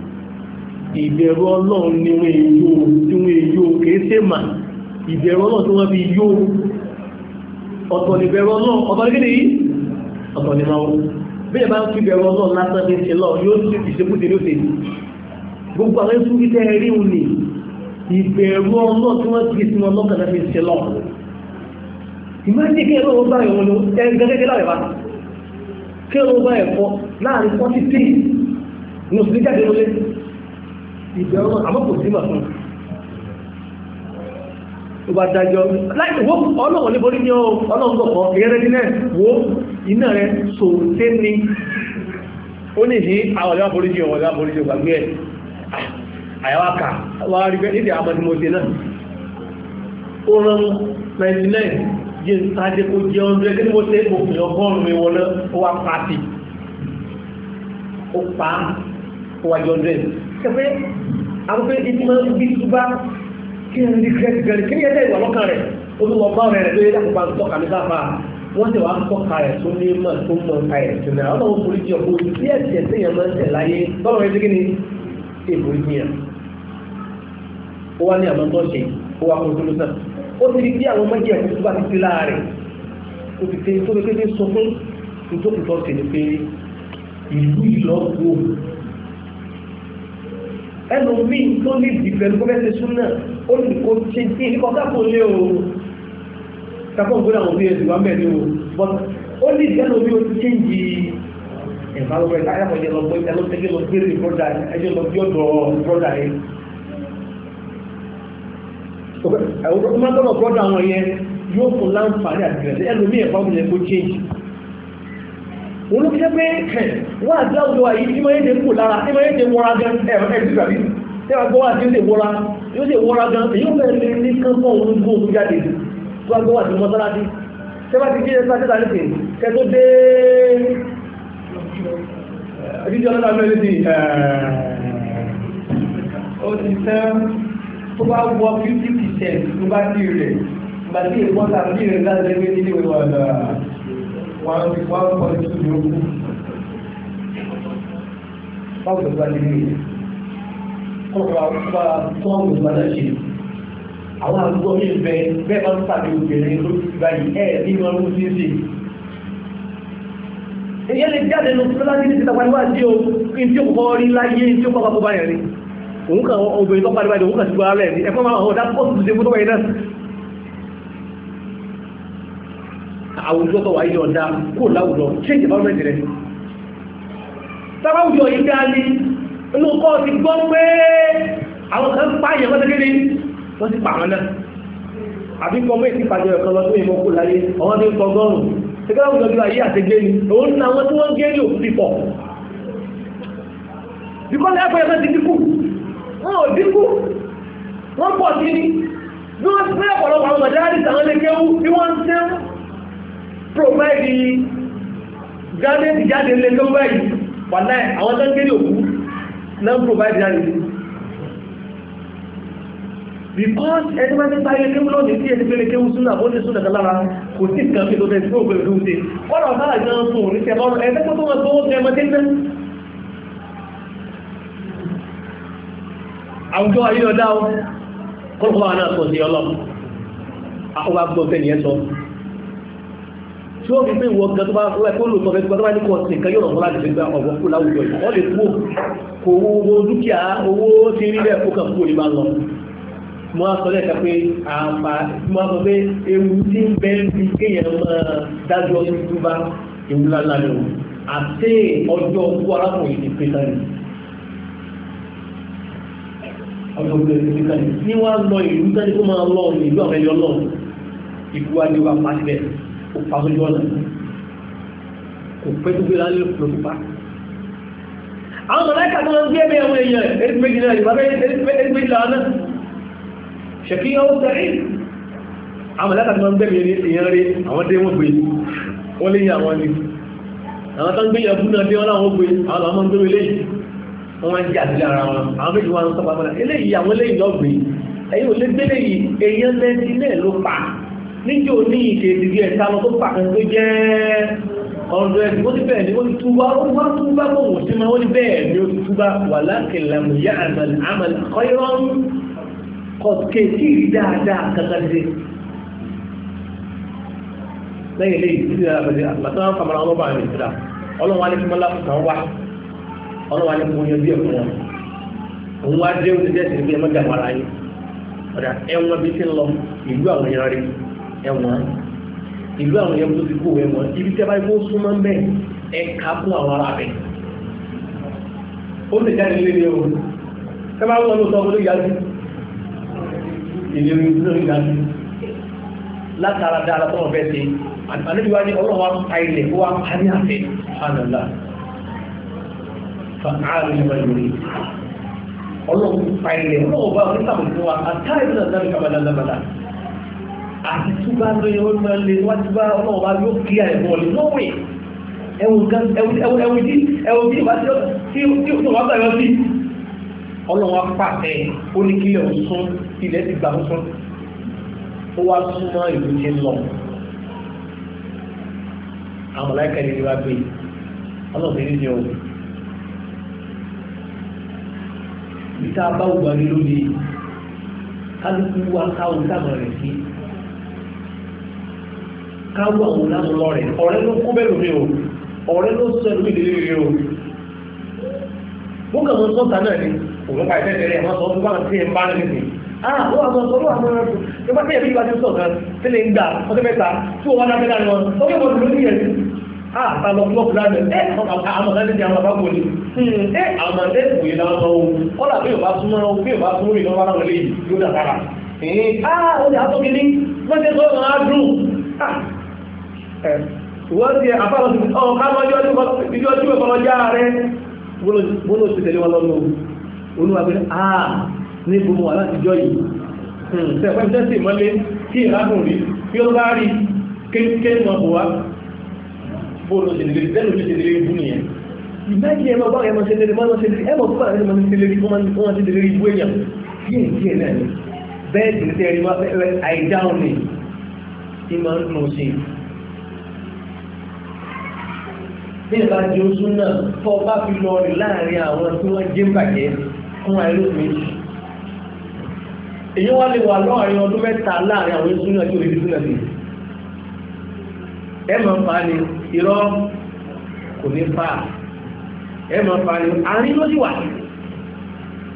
ìbẹ̀rù ọlọ́run ni wọ́n èyó tí wọ́n èyó kìí ṣe mà ìbẹ̀rù ọlọ́run tí wọ́n fi yó ọ̀tọ̀ ni bẹ̀rù ọlọ́run ọ̀tọ̀ ni kí ọ̀tọ̀ ni máa wọ́n bí ẹ bá ń fi bẹ̀rù ọlọ́run lásán ní ṣe lọ yóò sì fi ṣe kúti lóṣè gbogbo àwọn ẹ̀sùn fi tẹ́ rí òun ni ìbẹ̀rù ọlọ́run tí wọ́n fi sinmi ọlọ́kan náà fi ṣe lọ ìmájì kí ẹ̀rọ bá ẹ̀wọ̀n ló ẹ̀ gẹ́gẹ́ láwẹ̀ bá kí ẹ̀rọ bá ẹ̀fọ́ láàrin 40 days ní òṣèlú jáde lólé ìbẹ̀rù àmọ́ kò sí mà fún tó bá dájọ́ láì wó ọlọ́wọ̀n níbo ní ọlọ́run kọ̀kọ́ ìyẹ́rẹ́ nílẹ̀ wó iná rẹ̀ sòté ni ó ní ní àwọn ah, ọ̀lẹ́wà borí jẹun ọ̀lẹ́wà borí jẹun gbàgbé ẹ̀ ah, àyàwó àkà wà á rí bẹ́ẹ̀ nídìí àmọ́ ni mo ṣe náà ó rán 99 jẹ́ ìtajẹ́ kó jẹ́ ọ̀rẹ́ kí ni mo ṣẹ̀fẹ́ àwọn pé ibi máa ń bí túbá kí ẹni rí kírẹ́tì gẹ̀rẹ́ kí ni ẹ̀dẹ́ ìwà lọ́kàn rẹ̀ olúwọ̀ bá rẹ̀ rẹ̀ lórí lápapá ń tọ́ka ní sáfà wọ́n tẹ̀ wá ń tọ́ka rẹ̀ tó ní mọ̀ tó mọ̀ ká ẹ̀ tó náà ọlọ́wọ́ forí jẹ́ ọkọ̀ ojú sí ẹ̀sẹ̀ tí yẹn máa ń tẹ̀ láyé bọ́ọ̀rọ̀ ẹ̀dẹ́ kíni èbúrí jìyàn ó wá ní àmọ́ tó ṣe ó wá kó tó ó ti di bí àwọn ọmọ jẹ́ ẹ̀kọ́ tó bá ti ti láàárẹ̀ ó ti ṣe tó kékeré sọ fún ìjókòó tó ṣe ní ẹnu míì tó ní ìdìbẹ̀rù kó fẹ́ẹ́ sún náà ó ní kó ṣe tí ní kọ́kọ́ kò lé o kakọ́ ògbóná àwọn òbí ẹ̀sìn wà ń bẹ̀ ní o but ó ní ìdẹ́nu mi ò ti ṣe ń di environment ayáwọ̀dé lọ gbé ẹlọ́ tẹ́gẹ́ lọ gbé ní broda ẹjọ́ lọ bí ọ̀dọ̀ broda yẹn ẹ̀wọ̀n tó máa ń tọ́nà broda wọn yẹn yóò fún láǹfààní àti ẹ̀sìn ẹnu mi ẹ̀fọ́ mi change òun ló fi jẹ́ pé wọ́n àti àwùjọ àyí tí máa ń ṣe kù lára tí máa ń ṣe wọ́ra gan ẹ̀ẹ́dì tàbí tí wọ́n gbọ́wà tí ó ṣe wọ́ra yóò ṣe wọ́ra gan èyí ó bẹ̀rẹ̀ ní kánkán òun gbó òun jáde tó wọ́n gbọ́wà tí mọ́sálásí tí wọ́n ti kí ẹ sáté tàbí one point two yòókù báwo ló bá lè rí i kọ́kọ́ bá tọ́ọ̀mù ìgbàlá ṣe àwọn àdúgbò mi bẹ bẹ́ẹ̀ máa ń pàdé obìnrin ló ti báyìí ẹ̀ nínú ọdún sí sí. èyí lè jáde lọ sí lọ́lájú ní títà pariwo àti o kí n tí ó kọ́kọ́ rí láyé tí ó kọ́kọ́ bá yẹn rí òun kàn obìnrin tó pariwo àwùjọ tó wà yíò dá kó láwùjọ change environment rẹ̀ sábàwùjọ yìí dá ní inú kọ́ ti gbọ́ pé àwọn kan pààyàn mọ́tẹ́kẹ́lẹ́ wọ́n ti pàwọn náà àbí kọmọ́ èsì pàjọ ẹ̀kan lọ tó èmọ́ kó láyé ọwọ́n tó ń kọ gọ́rùn ẹgbẹ́ àwọn ìjọba ayé àtẹgbẹ́ ni òun ní àwọn tí wọ́n gé ní òfin pọ̀ bíkọ́lẹ̀ ẹ̀kọ́ ẹ̀kọ́ ti dínkù wọn ò dínkù wọ́n pọ̀ sí ni bí wọ́n ti pẹ́ ọ̀pọ̀lọpọ̀ àwọn mọ̀dárì àwọn lè kéwú bí wọ́n ń provide the garden garden. jáde lè tó báyìí wà láì àwọn tó ń gbé ní òkú náà provide jáde because ẹni máa ń sáré kéwú lónìí tí ẹni péré kéwú súnà ó ní súnà kan lára kò sí nǹkan fi tó bẹ́ẹ̀ tí ó bẹ̀rẹ̀ tó ṣe ọ̀rọ̀ sáà jẹ́ ń sùn oríṣẹ́ ọ̀rọ̀ ẹgbẹ́ tó tó wọn tó ń ẹmọ tẹ́tẹ́ àwùjọ ayé ọ̀dá ọkọ̀ àwọn àná sọ sí ọlọ́run àwọn agbọ́n fẹ́ nìyẹn sọ tí ó fi pé ìwọ gan tó bá rẹ̀ kó lòtọ́ fẹ́ tó bá ní kọ̀ọ̀tì nǹkan yóò rọ̀mọ́lá lè gba ọ̀gbọ́n kó láwùjọ yìí wọ́n lè kó kó owó dúkìá owó ti rí bẹ́ẹ̀ kó kàn kó lè máa lọ mo á sọ lẹ́ẹ̀ka pé àǹfà mo á sọ pé ewu tí ń bẹ́ fi kéèyàn máa dájọ́ tó bá ewu lálá ni o àti ọjọ́ kó arákùnrin ti pé sáré ọjọ́ kó ti pé sáré ní wàá lọ ìlú sáré kó máa lọ ìlú àwọn lọ ìlú adéwà pàṣẹ kò fa sójú ọ̀nà kò pẹ́ tó gbéra lè lò pa àwọn mọ̀láìkà tó lọ gbé ẹgbẹ́ àwọn èèyàn ẹni méjì náà ìgbà ẹni méjì làwọn náà ṣèkí ọwọ́ sẹ́rí àwọn mọ̀láìkà tó lọ gbé èèyàn rí àwọn dé wọ́n gbé wọ́n lè yàn àwọn ni àwọn tó ń gbé yàn fún náà dé wọ́n láwọn gbé àwọn làwọn gbé eléyìí wọ́n máa ń jà níjò ní ìṣèlú ẹ̀ sálọ tó pàkan tó jẹ́ ọ̀rọ̀ ẹ̀sìn ó ti bẹ̀ẹ̀ ni ó ti túbá ó wá túbá kò wò sí ma ó ní bẹ́ẹ̀ ni ó ti túbá wà lákìlẹ̀mù yá àmàlì àmàlì kọ́yọ́n kọ̀kẹ́ tí ì dáadáa kankan ṣe lẹ́yìn lè yìí sí àbẹ̀lẹ̀ àtàwọn àfàmàlà ọlọ́bà rẹ̀ síra ọlọ́wà ní kúmọ́lá kan wá ọlọ́wà ẹ̀wọ̀n bí ti ń lọ ìlú àwọn èèyàn rẹ̀ ẹ̀wọ̀n ìlú àwọn yẹn tó ti kó ẹ̀wọ̀n ibi tẹ́ bá yẹ kó súnmọ́ ń bẹ̀ ẹ̀ka fún àwọn ará bẹ̀. ó lè jáde nílé ní ẹ̀wọ̀n tẹ́ bá wọ́n ló sọ fún ìyá sí ìlú ìlú ìyá sí látara dára tó wọ́n fẹ́ sí àníbi wá ní ọlọ́wọ́ pa ilẹ̀ wá pa ní àfẹ́ hànàlá fàáàrí ìwà ìrìn ọlọ́wọ́ pa ilẹ̀ ọlọ́wọ́ bá wọn ní sàmùsùn wa àtàrí náà lábẹ́ kàbàlá lábàlá àti túbá ló yẹ wọ́n máa lè wá túbá ọlọ́wọ́ bá yóò kí àìbọ̀ lè lọ́wọ́ ẹ̀wù tí ẹ̀wù tí ìbá tí ó wá bàyọ́ sí ọlọ́wọ́ pàtẹ ó ní kílẹ̀ òsún ilẹ̀ ti gbà òsún ó wá súnmọ́ ìlú ti lọ àmọ̀láìkà ni wá gbé ọlọ́ọ̀dẹ́ ní ìyẹ̀wò ìta bá wù wá ní lónìí kálukú wá káwọn táwọn rẹ̀ sí káwọ́ àwọn láàrùn ọ̀rẹ́ ọ̀rẹ́ ló kó bẹ́rù mi o ọ̀rẹ́ ló sọ ẹ̀rù ìdílé rẹ̀ o wọ́n kà mọ́ sọ́ta náà ni òun pa ìfẹ́ tẹ̀lé àwọn sọ́ọ́ bá ti ń bá nínú ah wọ́n àwọn sọ́ọ́ àwọn ọ̀rẹ́ tó bá tẹ̀lé bí wájú sọ̀kan tẹ́lẹ̀ ń gbà ọdún mẹ́ta tí ó wá dábẹ́ láàrin wọn ó yẹ wọn yẹn ah ta lọ fúlọ́ọ̀kù láàrin ẹ àwọn ọ̀rẹ́ ti àwọn àbábọ̀ ni ẹ àwọn ọ̀rẹ́ kò yẹ láwọn ọ̀hún kọ́là bí òbá súnmọ́ bí òbá súnmọ́ ìlọ́wọ́ láwọn eléyìí yóò dà sára ah ó lè á mi ní wọ́n ti wọ́n ti àfáàlọ́sì ọ̀ káwọn ìjọ tí ó kọ́ já rẹ̀ bóló ti tẹ̀lé wọn lọ́nà olúwàgbé àà ní gbogbo wà láti jọ yìí tẹ̀fẹ́ tẹ́sì mọ́lé kí ìrákùn rí kí ó bá rí kéèké mọ̀ bò wá bóló ti tẹ̀lé tẹ́lú ti tẹ̀lé ibú nìyẹn ìmẹ́kì ẹmọ bá ẹmọ ṣe lérí mọ́lọ́ ṣe lérí ẹmọ fún àwọn ẹmọ ṣe lérí wọ́n ti lérí ibú èèyàn díẹ̀ díẹ̀ náà bẹ́ẹ̀ tẹ̀lé tẹ́rí wá ni ìmọ̀ ń nù bí ìbá di oṣù náà fọ́ bá fi lọ rìn láàrin àwọn tí wọ́n jẹ́ bàjẹ́ fún àìlóògbé èyí wá lè wà lọ́rin ọdún mẹ́ta láàrin àwọn oṣù náà tí ò lè fi náà sí ẹ mọ̀ pa ni irọ́ kò ní pa ẹ mọ̀ pa ni àárín ló sì wà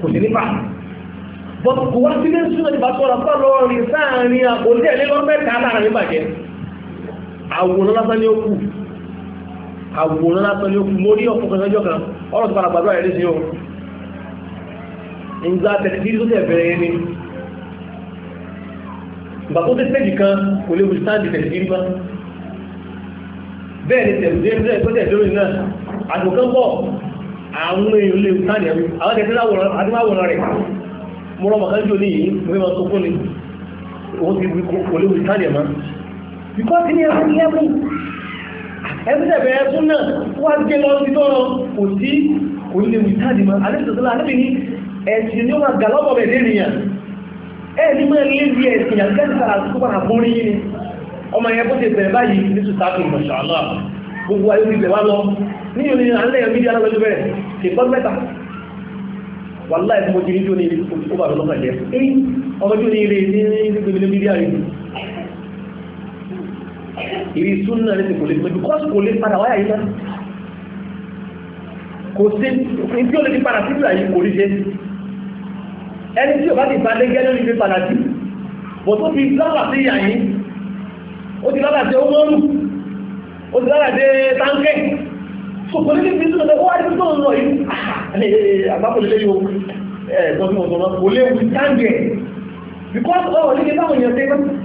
kò sí ní pa bọ́kù wá sílé súnà ìbá sọ́rọ̀ pọ́ lọ rìn sáàrin àkòlẹ́ ẹ̀lẹ́lọ́mẹ́ta láàrin bàjẹ́ àwòrán lásán ni ó kù àwòrán látọ́ ní okùn mórí ọkùn lọ́jọ́ kan ọ̀rọ̀ tó padà gbàdúrà rẹ̀ léṣe o ìgbà tẹ̀lifíì tó tẹ̀ bẹ̀rẹ̀ yẹn ni ìgbà tó tẹ̀ sẹ́jì kan kò lè wùsí sáàdì tẹ̀lifíì bá bẹ́ẹ̀ ni tẹ̀lifíì tó tẹ̀ lórí náà àjò kan bọ̀ àwọn èèyàn lè sáàdì ẹ̀mí àwọn tẹ̀lifíì láwòrán rẹ̀ mo rọ màkà jò níyìí mo fẹ́ máa sọ fún ni òun ti kò lè ẹ̀sẹ̀bẹ̀ ẹ̀sùn náà wá gẹ́ lọ sí tọ́rọ kò sí orílẹ̀ wìtáàdì ma alẹ́sọ̀tọ́lá alẹ́bì ní ẹ̀sìn ni ó máa gà lọ́bọ̀ bẹ̀rẹ̀ ènìyàn ẹ̀ ní máa lé bí ẹ̀sìn àkẹ́sà àtúkọ́ àbúrí yìí ọmọ yẹn bó ṣe bẹ̀rẹ̀ báyìí ní sùtàkì mọ̀ṣàlá gbogbo ayé ti bẹ̀wá lọ ní ìlú ní alẹ́ ẹ̀mí di alábẹ́jọ́ bẹ̀rẹ̀ kì í pọ́n mẹ́ta wà láì fún ojú ní ojú ní ilé ó bàbá lọ́kàn jẹ́ ọmọdún ní ilé ní gbogbo mídíà rẹ̀ ìrí súnà ní ti kò lè pẹ́ because kò lè padà wáyà yìí náà kò sí tí ó lè ti padà sí ìgbà yìí kò rí ṣe ẹni tí ò bá ti padà gẹ́gẹ́ lórí fi padà sí bọ̀ tó fi lọ́wọ́ sí ìyà yìí ó ti lọ́wọ́ sí ọmọrù ó ti lọ́wọ́ sí táńkẹ́ kò kò ní ti fi súnà ó wá ní tó ń lọ yìí àbápọ̀lẹ́lẹ́ yóò ẹ̀ẹ́dọ́gbọ̀n kò léwu táńkẹ́ because oh, ọ̀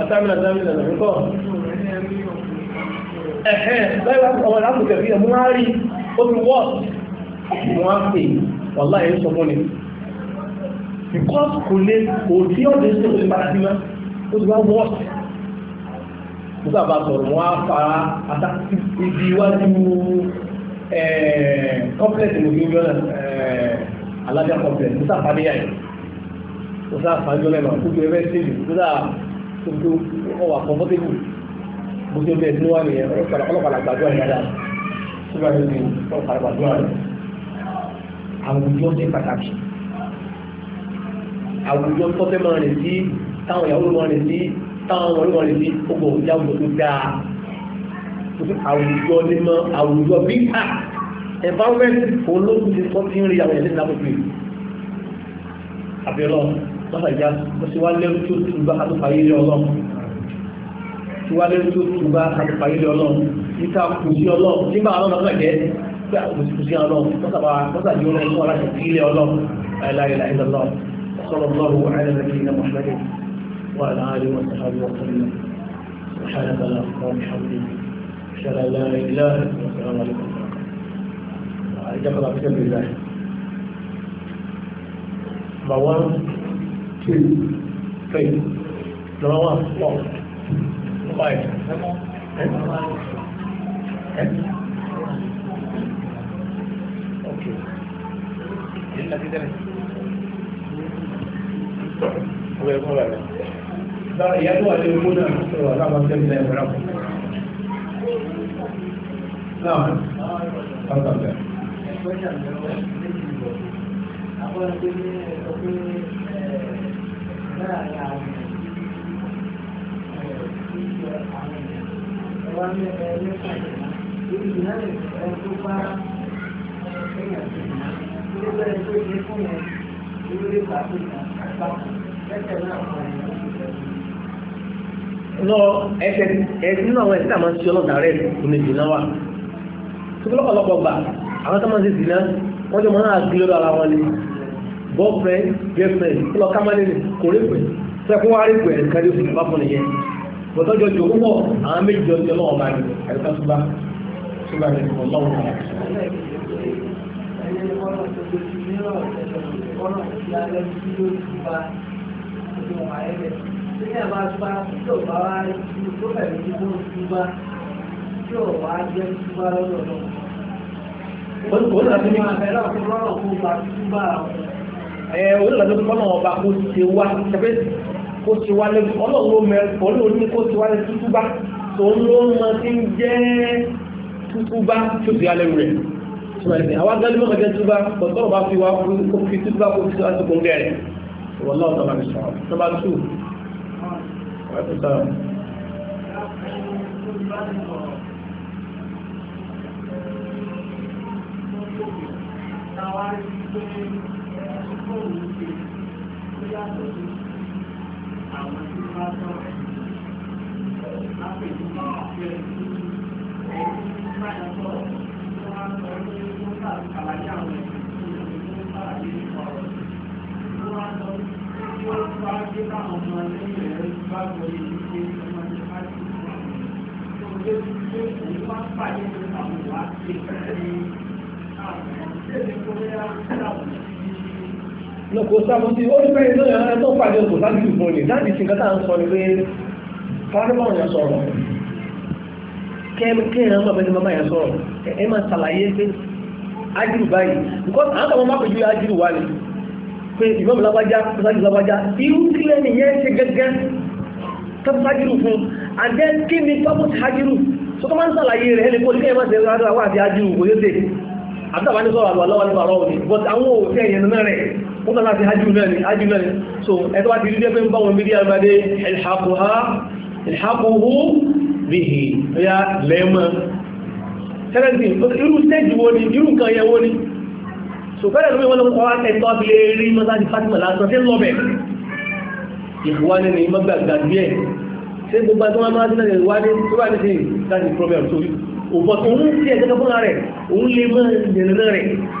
àtàmìnà àtàmìnà lọ́kọ́ ẹ̀hẹ́ lọ́wọ́ ọmọ ìlàkùnkẹ̀ fi ẹ̀mú wá rí omi wọ́n wọ́n pè wọ́lá ẹ̀ sọ fún ni because kò lè kò tí ó lè ṣe olè padà sí mọ́ ó ti wá wọ́n mo sábà sọ̀rọ̀ wọ́n á fara àtà ibi iwájú eh, complex mo fi ń yọ eh, alájà complex mo sábà ní kò sáà fàájọ́ lẹ́nu àkójú ẹgbẹ́ tèmi kò sáà tó ọwà kọ̀mọ́tébù bó tó bẹ́ẹ̀ tó wà nìyẹn ọlọ́pàá gbàdúrà yẹn dáadáa tó bá yẹn ní ọlọ́pàá gbàdúrà rẹ̀ àwùjọ ṣe pàtàkì àwùjọ tọ́tẹ́ máa rìn sí táwọn ìyàwó máa rìn sí táwọn ọmọ máa rìn sí ọgbọ̀n ìyá àwùjọ tó dáa àwùjọ ní mọ àwùjọ bí ká environment olóògùn ti sọ ti ń rí àwọn ẹ̀lẹ́dínlábòfin àbẹ̀rọ̀ lọ́sàjá ó sì wá lẹ́rú tí ó túbá àtúfàyè lé ọlọ́run tí wá lẹ́rú tí ó túbá àtúfàyè lé ọlọ́run níta kù sí ọlọ́run nígbà ọlọ́run náà jẹ́ pé àkùsí kù sí ọlọ́run lọ́sàjá ọlọ́run fún aláṣẹ kí ilé ọlọ́run aláìláì lọ́lọ́run صلى الله على نبينا محمد وعلى آله وصحبه وسلم سبحانك اللهم وبحمدك أشهد أن لا إله إلا أنت والسلام عليكم two, three, number one, four, five, eh? Eh? Okay. Voy a probarlo. No, ya no hay ninguna, pero acá va a ser No, bastante. Ahora tiene, náà ní àwọn ẹ̀wọ́n ní ẹ̀rí pàdánù èyí náà lè fẹ́ tó bá ẹ̀yàn tó ní ilé bẹ́ẹ̀ tó ṣe fún yẹn ìlú lè bá tó yàn àgbà lẹ́sẹ̀ náà kọ́ ẹ̀yàn tó ṣe fún yẹn lọ ẹsẹ̀ ẹsẹ̀ nínú àwọn ẹsẹ̀ tí ṣe ọlọ́dà rẹ̀ òní ìdìnnà wa tó lọ́pọ̀lọpọ̀ gbà àwọn tó máa ń ṣe ìdìnnà wọ́n jọ máa ń àgbélọ́dọ̀ ara wọn ni boyfriend girlfriend lọ kámánìrì kò rí pẹ̀ sẹ́kún wá rí pẹ̀ kárí fún ìpá fún ìyẹn bọ́tọ́jọ́ jò ń bọ̀ àwọn méjì jọ jọ náà bá rẹ̀ àyíká túbá túbá rẹ̀ fún ọlọ́run kan. Wọ́n ní àti ní àfẹ́ràn fún lọ́rọ̀ fún ìgbà túbá àwọn olùlàjọ́ tó kọ́nà ọba kó ti wá ṣẹ́fẹ́ kó ti wá lẹ́nu ọlọ́run mẹ́rin ọlọ́run ní kó ti wá lẹ́nu tútúbá tó ń ló mọ tí ń jẹ́ tútúbá tó ti alẹ́ rẹ̀ ṣùgbọ́n àwọn agbẹ́lẹ́ mọ́ kẹ́kẹ́ tútúbá pọ̀tọ́rọ̀ bá fi wá kó Thank you tó ń ṣe ó yàtọ̀ sí àwọn tí wọ́n bá sọ̀rọ̀ lápẹ̀lú àti ẹni tí wọ́n bá yà sọ̀rọ̀ tí wọ́n á sọ pé wọ́n bá kàlàyé àwọn ènìyàn tí wọ́n bá yà ní ọ̀rọ̀ tí wọ́n á sọ tí wọ́n bá gbé láwọn ọmọ lẹ́yìn rẹ̀ bá gbọ́ yìí pé ọmọ ti bá ti sọ àwọn tó gbé pé òun bá pàdé ní àwọn ìwà àti ìfẹ́ ní àwọn ọmọ tí lọ́kọ̀ sábọ̀ sí ó nípa ìlú ẹ̀rọ tó pàdé ọkọ̀ láti ìbò ní láti fi kátà ń sọ ní pé fárúmọ̀ yẹn sọ̀rọ̀ kẹ́ẹ̀rẹ́ ọmọ bẹ́ẹ̀ ni mama yẹn sọ̀rọ̀ ẹ máa ṣàlàyé pé ájírù báyìí because àwọn kan máa pèjú ájírù wà ní pé ìmọ̀ lábájá sáájú lábájá irú kílẹ̀ nìyẹn ṣe gẹ́gẹ́ tọ́pájírù fún àjẹ́ kí ni pọ́pọ́ ṣájírù tó tó máa ń ṣàlàyé rẹ̀ ẹni kó ní kẹ́ẹ̀ máa ṣe rárá wà àti ájírù kò yóò dé àbúrò àwọn ìṣòro àwọn ọlọ́wọ́ nípa ọ̀rọ̀ òní but àwọn òṣèyàn náà rẹ̀ ó náà láti hajjú náà hajjú náà so ẹ̀tọ́ bá ti rí dẹ́gbẹ́ ń bá wọn bí díà bá dé ìlhàkùhù bìhì ya lẹ́mọ́ tẹ́rẹ́sì irú stage wo ni irú nǹkan yẹ wo ni so fẹ́rẹ̀ lómi wọn lọ́kọ́ ẹ̀tọ́ fi lè rí mọ́sáàdì Fatima lásán tí ń lọ bẹ̀ ìfúwa ni ní mọ́gbàgbà díẹ̀ ṣé gbogbo àti wọn máa ti náà wá ní tó bá ní sí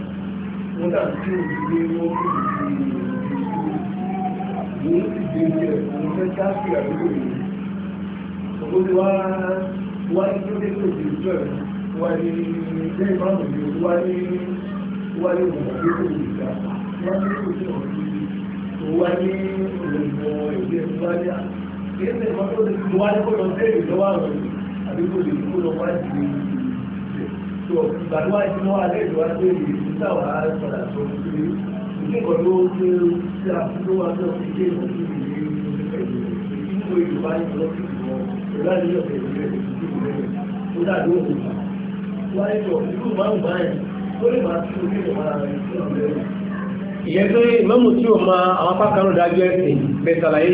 kódà tí ò gbé mọ́tò ìlú ìlú ti gbé jẹ òun fẹ́ dáàbì àdúgbò yìí ó ti wá wá ní tó dé tó ti ẹ̀ wá ní ilé ìbámu yìí wá ní wá ní òun tó tó ti wá ní tó tó ti wá ní òun ẹgbẹ́ wá ní àkíyèsí ìmọ́tò tó ti wá ní sí èyí lọ́wọ́ àrùn àdúgbò yìí sọ ìgbàlúwà ìdíwọ́ alẹ́ ìlú wájú èyí nígbà wà á padà sọ ìdílé ìdíkọ̀ ló ṣe ṣe àfihàn wá sọ ìdílé ìdílé ìdílé ìlú wá ní ọlọ́sìn ìwọ̀n pẹ̀lú àdéhùn ìdílé ìdílé ó dàbí òun ìgbà wáyé sọ ìlú márùn-ún báyìí ó lè máa tún orí mọ́mù tí ó máa àwọn apákanú dájọ́ ẹ̀sìn pẹ̀sàlàyé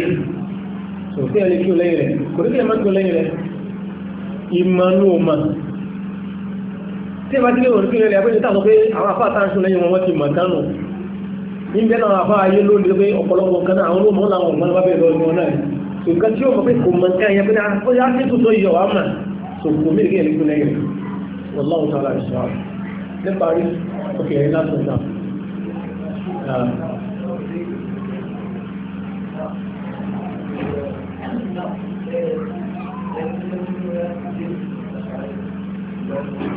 tòsí ẹni kí ó lẹ́yìn rẹ̀ kò ní ẹ má kí ó lẹ́yìn rẹ̀ ìmọ̀ ní òun máa tí ẹ bá ti lè wọ̀n kí lẹ́lẹ́ abẹ́jọ́ tàbí pé àwọn afá àtàǹṣù lẹ́yìn wọn ti mọ̀ kánù ní bẹ́ẹ̀ náà afá ayé lónìí pé ọ̀pọ̀lọpọ̀ kan àwọn olóòmọ́ làwọn ọ̀gbọ́n bá bẹ̀rẹ̀ lọ́wọ́ náà nǹkan tí ó mọ̀ pé kò mọ̀ nǹkan yẹn pé ah, ó yá sí tuntun yọ̀ wá mà so kò mí kí ẹ̀ lẹ́kún lẹ́yìn wọ́láwù Thank you.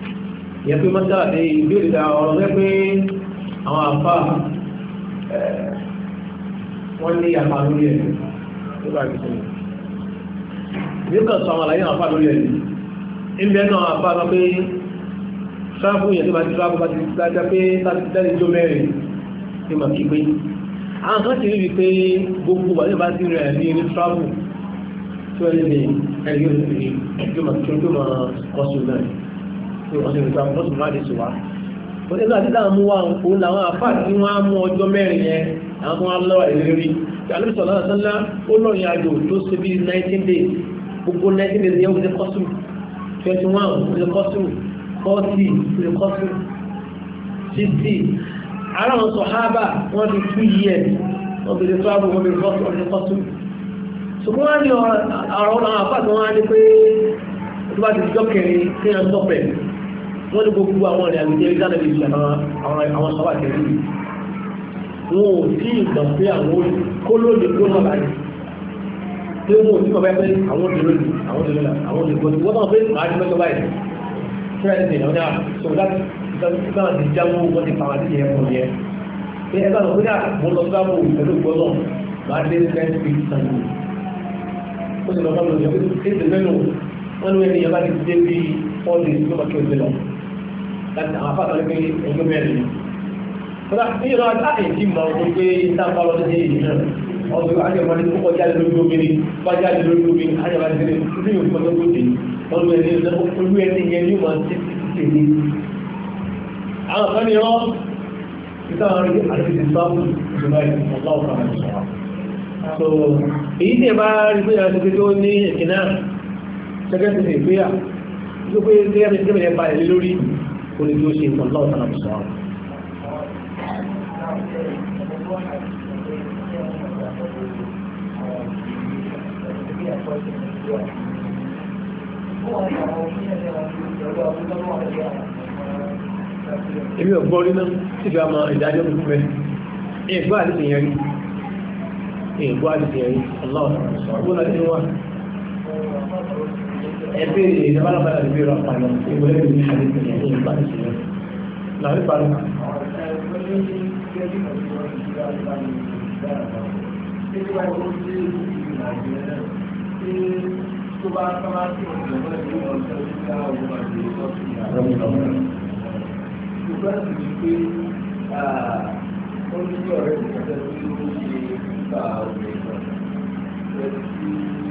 ìyẹn pé mọ́tàlá ní ìbéèrè da ọ̀rọ̀ rẹ pé àwọn àfa wọ́n ní àfa lórí ẹ̀ nígbà tí wọ́n ní kàn sọ àwọn àlàyé àfa lórí ẹ̀ ní bẹ́ẹ̀ náà àfa sọ pé sáfù yẹn tó bá ti sáfù bá ti dájá pé láti dẹ́rẹ́ tó mẹ́rin ní mà kí pé àwọn kan ti rí i pé gbogbo wà ní bá ti rẹ̀ ní ní sáfù tó ẹni ní ẹgbẹ́ òṣèlú tó mà kí ó tó mà kọ́sùn náà pé wọ́n lè gba ọlọ́sùn má lè sùn wá. onígbà tí táwọn mú wa òun làwọn àfáà tí wọ́n á mú ọjọ́ mẹ́rin yẹn àwọn tó wá lọ́wọ́ ìrírí alẹ́bíṣọ́ lọ́nà sọ́lá ó lọ́rin àjò tó ṣe bí 19 days gbogbo 19 days yẹn ó ti kọ́sùn 21 ó ti kọ́sùn 40 ó ti kọ́sùn 60 ara wọn sọ hábà wọ́n ti 2 years wọ́n bèèrè tó ààbò wọ́n bèèrè kọ́sùn ó ti kọ́sùn ṣùgbọ́n wọ́n á ní ọ̀rọ̀ àwọn àpá tí wọ́n á ní pé tó bá ti jọ́ kẹrin kí wọ́n tọ́pẹ̀ wọ́n ní gbogbo àwọn ọ̀rẹ́ àgbẹ̀jẹ́ ìdáná lè ṣe àwọn sọ́wọ́ àtẹ̀lé wọn ò tí ìgbà pé àwọn kólóòdì tó náà láyé pé wọn ò tí bàbá pé àwọn òdòdó àwọn òdòdó là àwọn òdòdó tí wọ́n náà pé màá di mẹ́tọ́ báyìí fúnra ẹni ìdáná náà sọ láti náà ti jáwó wọn ti pàmà sí ìyẹn fún yẹn pé ẹ bá lọ pé náà ah, mo lọ sábò pẹ̀lú gbọ́dọ̀ màá dé fẹ́ẹ́ fi sàn yìí ó sì lọ bá lọ sí ẹ láti àwọn afáàtọ̀ lé pé ẹjọ́ mẹ́rin ni. kódà ní ìran àti èyí mọ̀ ọ́ pé sábà lọ sí èyí náà ọdún ajẹ́mọ́ ní púpọ̀ jáde lórí obìnrin bá jáde lórí obìnrin ajẹ́mọ́ ní sílẹ̀ ní òfin ọdún tó dé ọdún ẹni olú ẹni yẹn ní wọn ti ti ní. àwọn kan ní wọn ìjọba so èyí tí ẹ bá rí pé àti pé tó ní ìkìnnà ṣẹ́gẹ́sì ìgbéyà ó ní bí ó ṣe ń tọ́ lọ́wọ́ tọ́lá bùsọ̀ ọ́. Èmi ò gbọ́ rí náà síbi àmọ́ ìdájọ́ gbogbo mẹ́rin. Ìgbọ́ àdìsí yẹn rí. Ìgbọ́ àdìsí yẹn rí. Ọlọ́run sọ̀rọ̀. Gbọ́dọ̀ nínú wa ẹbí ìdábàlọ́bà ìbí rọ̀ pàlọ́ ìwọlé ìbí àdéhùn ìyẹn ní ìgbà ìṣẹ̀lẹ̀ náà ní pàlọ́. Thank you.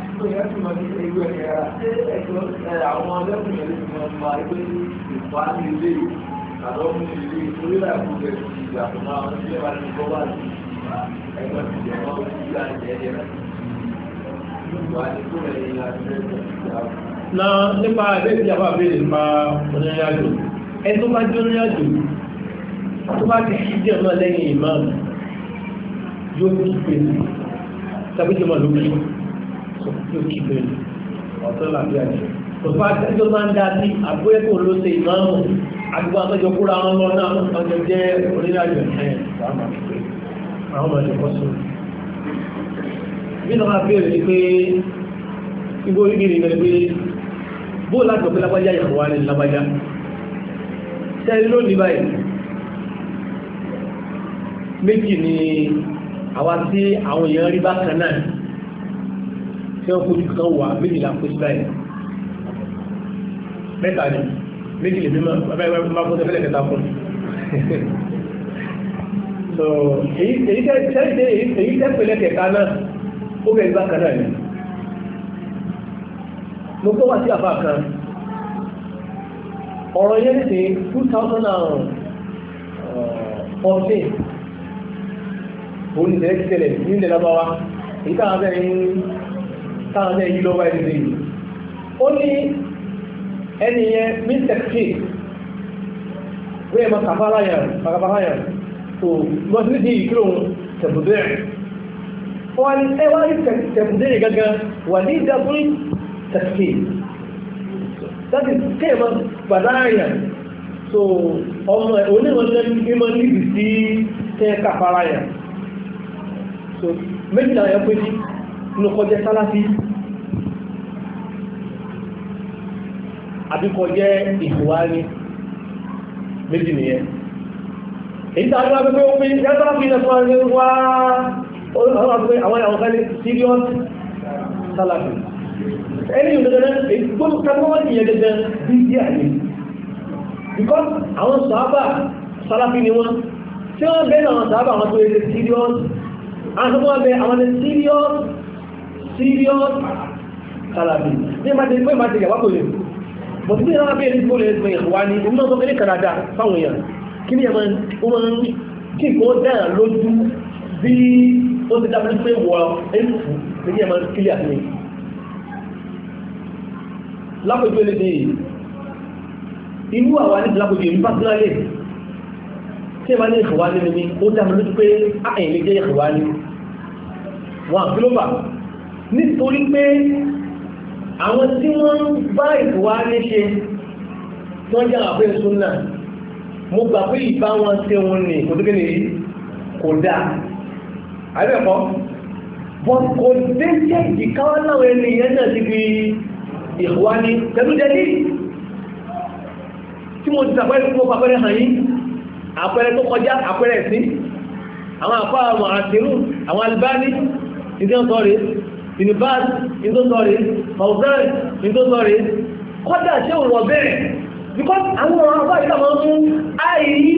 gbogbo yẹn ti mọ̀ ní ewu ẹ̀yẹ ara ṣé ẹ̀jọ́ àwọn ọlẹ́kùn yẹn ti mọ̀ nípa ẹgbẹ́ ìfà ní ilé àlọ́ na nípa ẹgbẹ́ ìjàmbá béèrè nípa onírìn àjò tó bá jẹ́ onírìn tó bá ti kí díẹ̀ náà lẹ́yìn ìmáàmù yóò kí pèsè tàbí jẹ́ mọ̀ lókè tí ó kí bẹ́ẹ̀ ọ̀tọ́ làbí àjẹ́ òfà àtẹ́jọ́ máa ń dá sí àgbékò ló ṣe ìmáàmù àgbà àtẹ́jọ kúra wọn lọ náà ọjọ́ jẹ́ orílẹ̀-èdè ẹ̀ àwọn ọmọ ẹ̀jọ̀ kọ́sùn bí náà bèèrè ní pé igbó ibi rìn rẹ̀ pé bó láti ọ̀pẹ́ lágbájá ìyàwó wa ní lágbájá tẹ́lẹ̀ lónìí báyìí méjì ni àwa tí àwọn èèyàn rí bákan náà tí wọ́n fojú kan wà méjìlá kó sí báyìí mẹ́ta ni méjìlá mímọ́ bàbá ìwà máa fún sẹ́fẹ́lẹ̀ kẹta fún so èyí tẹ́ èyí tẹ́ pẹ̀lẹ́ kẹta náà ó bẹ̀rẹ̀ bá kan náà ni mo kọ́ wá sí àbá kan ọ̀rọ̀ yẹn ti two thousand and uh, fourteen òun ìṣẹ̀lẹ̀ ti ní ilẹ̀ lọ́bàá wa èyí táwọn náà yí lọ́wọ́ ẹni lè yìí ó ní ẹni yẹn mr k wíyẹn mọ kàfàlà yẹn kàfàlà yẹn tó lọ́sí di ìkírò tẹ̀bùdẹ́ wọ́n ní ẹ wá ní tẹ̀bùdẹ́ gángan wà ní ìdàgbé tẹ̀kì láti kéè mọ gbàdára yẹn tó ọmọ ẹ̀ onímọ̀ ní mọ̀ níbi sí tẹ́ kàfàlà yẹn tó méjìlá yẹn pé inú kọjẹ́ sálàfí àbí kọjẹ́ ìfòwárí méjì nìyẹn èyí tàbí wọ́n pẹ́ pé yá sálàfí ilẹ̀ fún àwọn wá àwọn àwọn kan serious sálàfí ẹni yóò dandan ìgbóhùn kanúwọ́n ìyẹn dandan bí i àyè because àwọn sàábà sálàfí ni wọ́n tí wọ́n bẹ́ẹ̀ àwọn sàábà àwọn tó yẹ serious àwọn tó wọ́n bẹ́ẹ̀ àwọn serious serious calamity ní ìmájẹ pé ìmájẹ ìyàwó kò lè bọ̀ sí ìrànlá bí ẹni tó lè gbé ìwà ni òun náà tó kéré kàdàdà fáwọn èèyàn kí ni ẹ̀mọ́ ọmọ kí nǹkan dára lójú bí ó ti dábìlì pé wọ ẹ̀fù ní ẹ̀mọ́ kílíà ní lápòjú eléde yìí inú àwa ní lápòjú èmi pásínálì tí ẹ̀mọ́ ní ìwà ni mi ó dára lójú pé àìlè ah, jẹ́ ìwà ni wọn àfilọ́bà nítorí pé àwọn tí wọ́n bá ìfowá ní ṣe wọ́n jẹ́ àwọn àfihàn súnà mo gbà pé ìbá wọn ṣe wọn ní kò tó kéde kò dáa àbẹ̀kọ́ bọ́n kò dé jẹ́ ìkáwá láwọn ènìyàn náà ti fi ìfowá ní pẹ̀lú jẹ́lí tí mo ti sàpẹ́rẹ́ fún ọkọ̀ àpẹẹrẹ hàn yín àpẹẹrẹ tó kọjá àpẹẹrẹ sí àwọn àpá àwọn àtẹrù àwọn Albani ìdí ọ̀tọ̀ Univers ìdótọ́rí Mauzari ìdótọ́rí kọ́dà ṣe òun ọ̀bẹ̀rẹ̀ because àwọn ọ̀rọ̀ afá ìta máa mú àìyí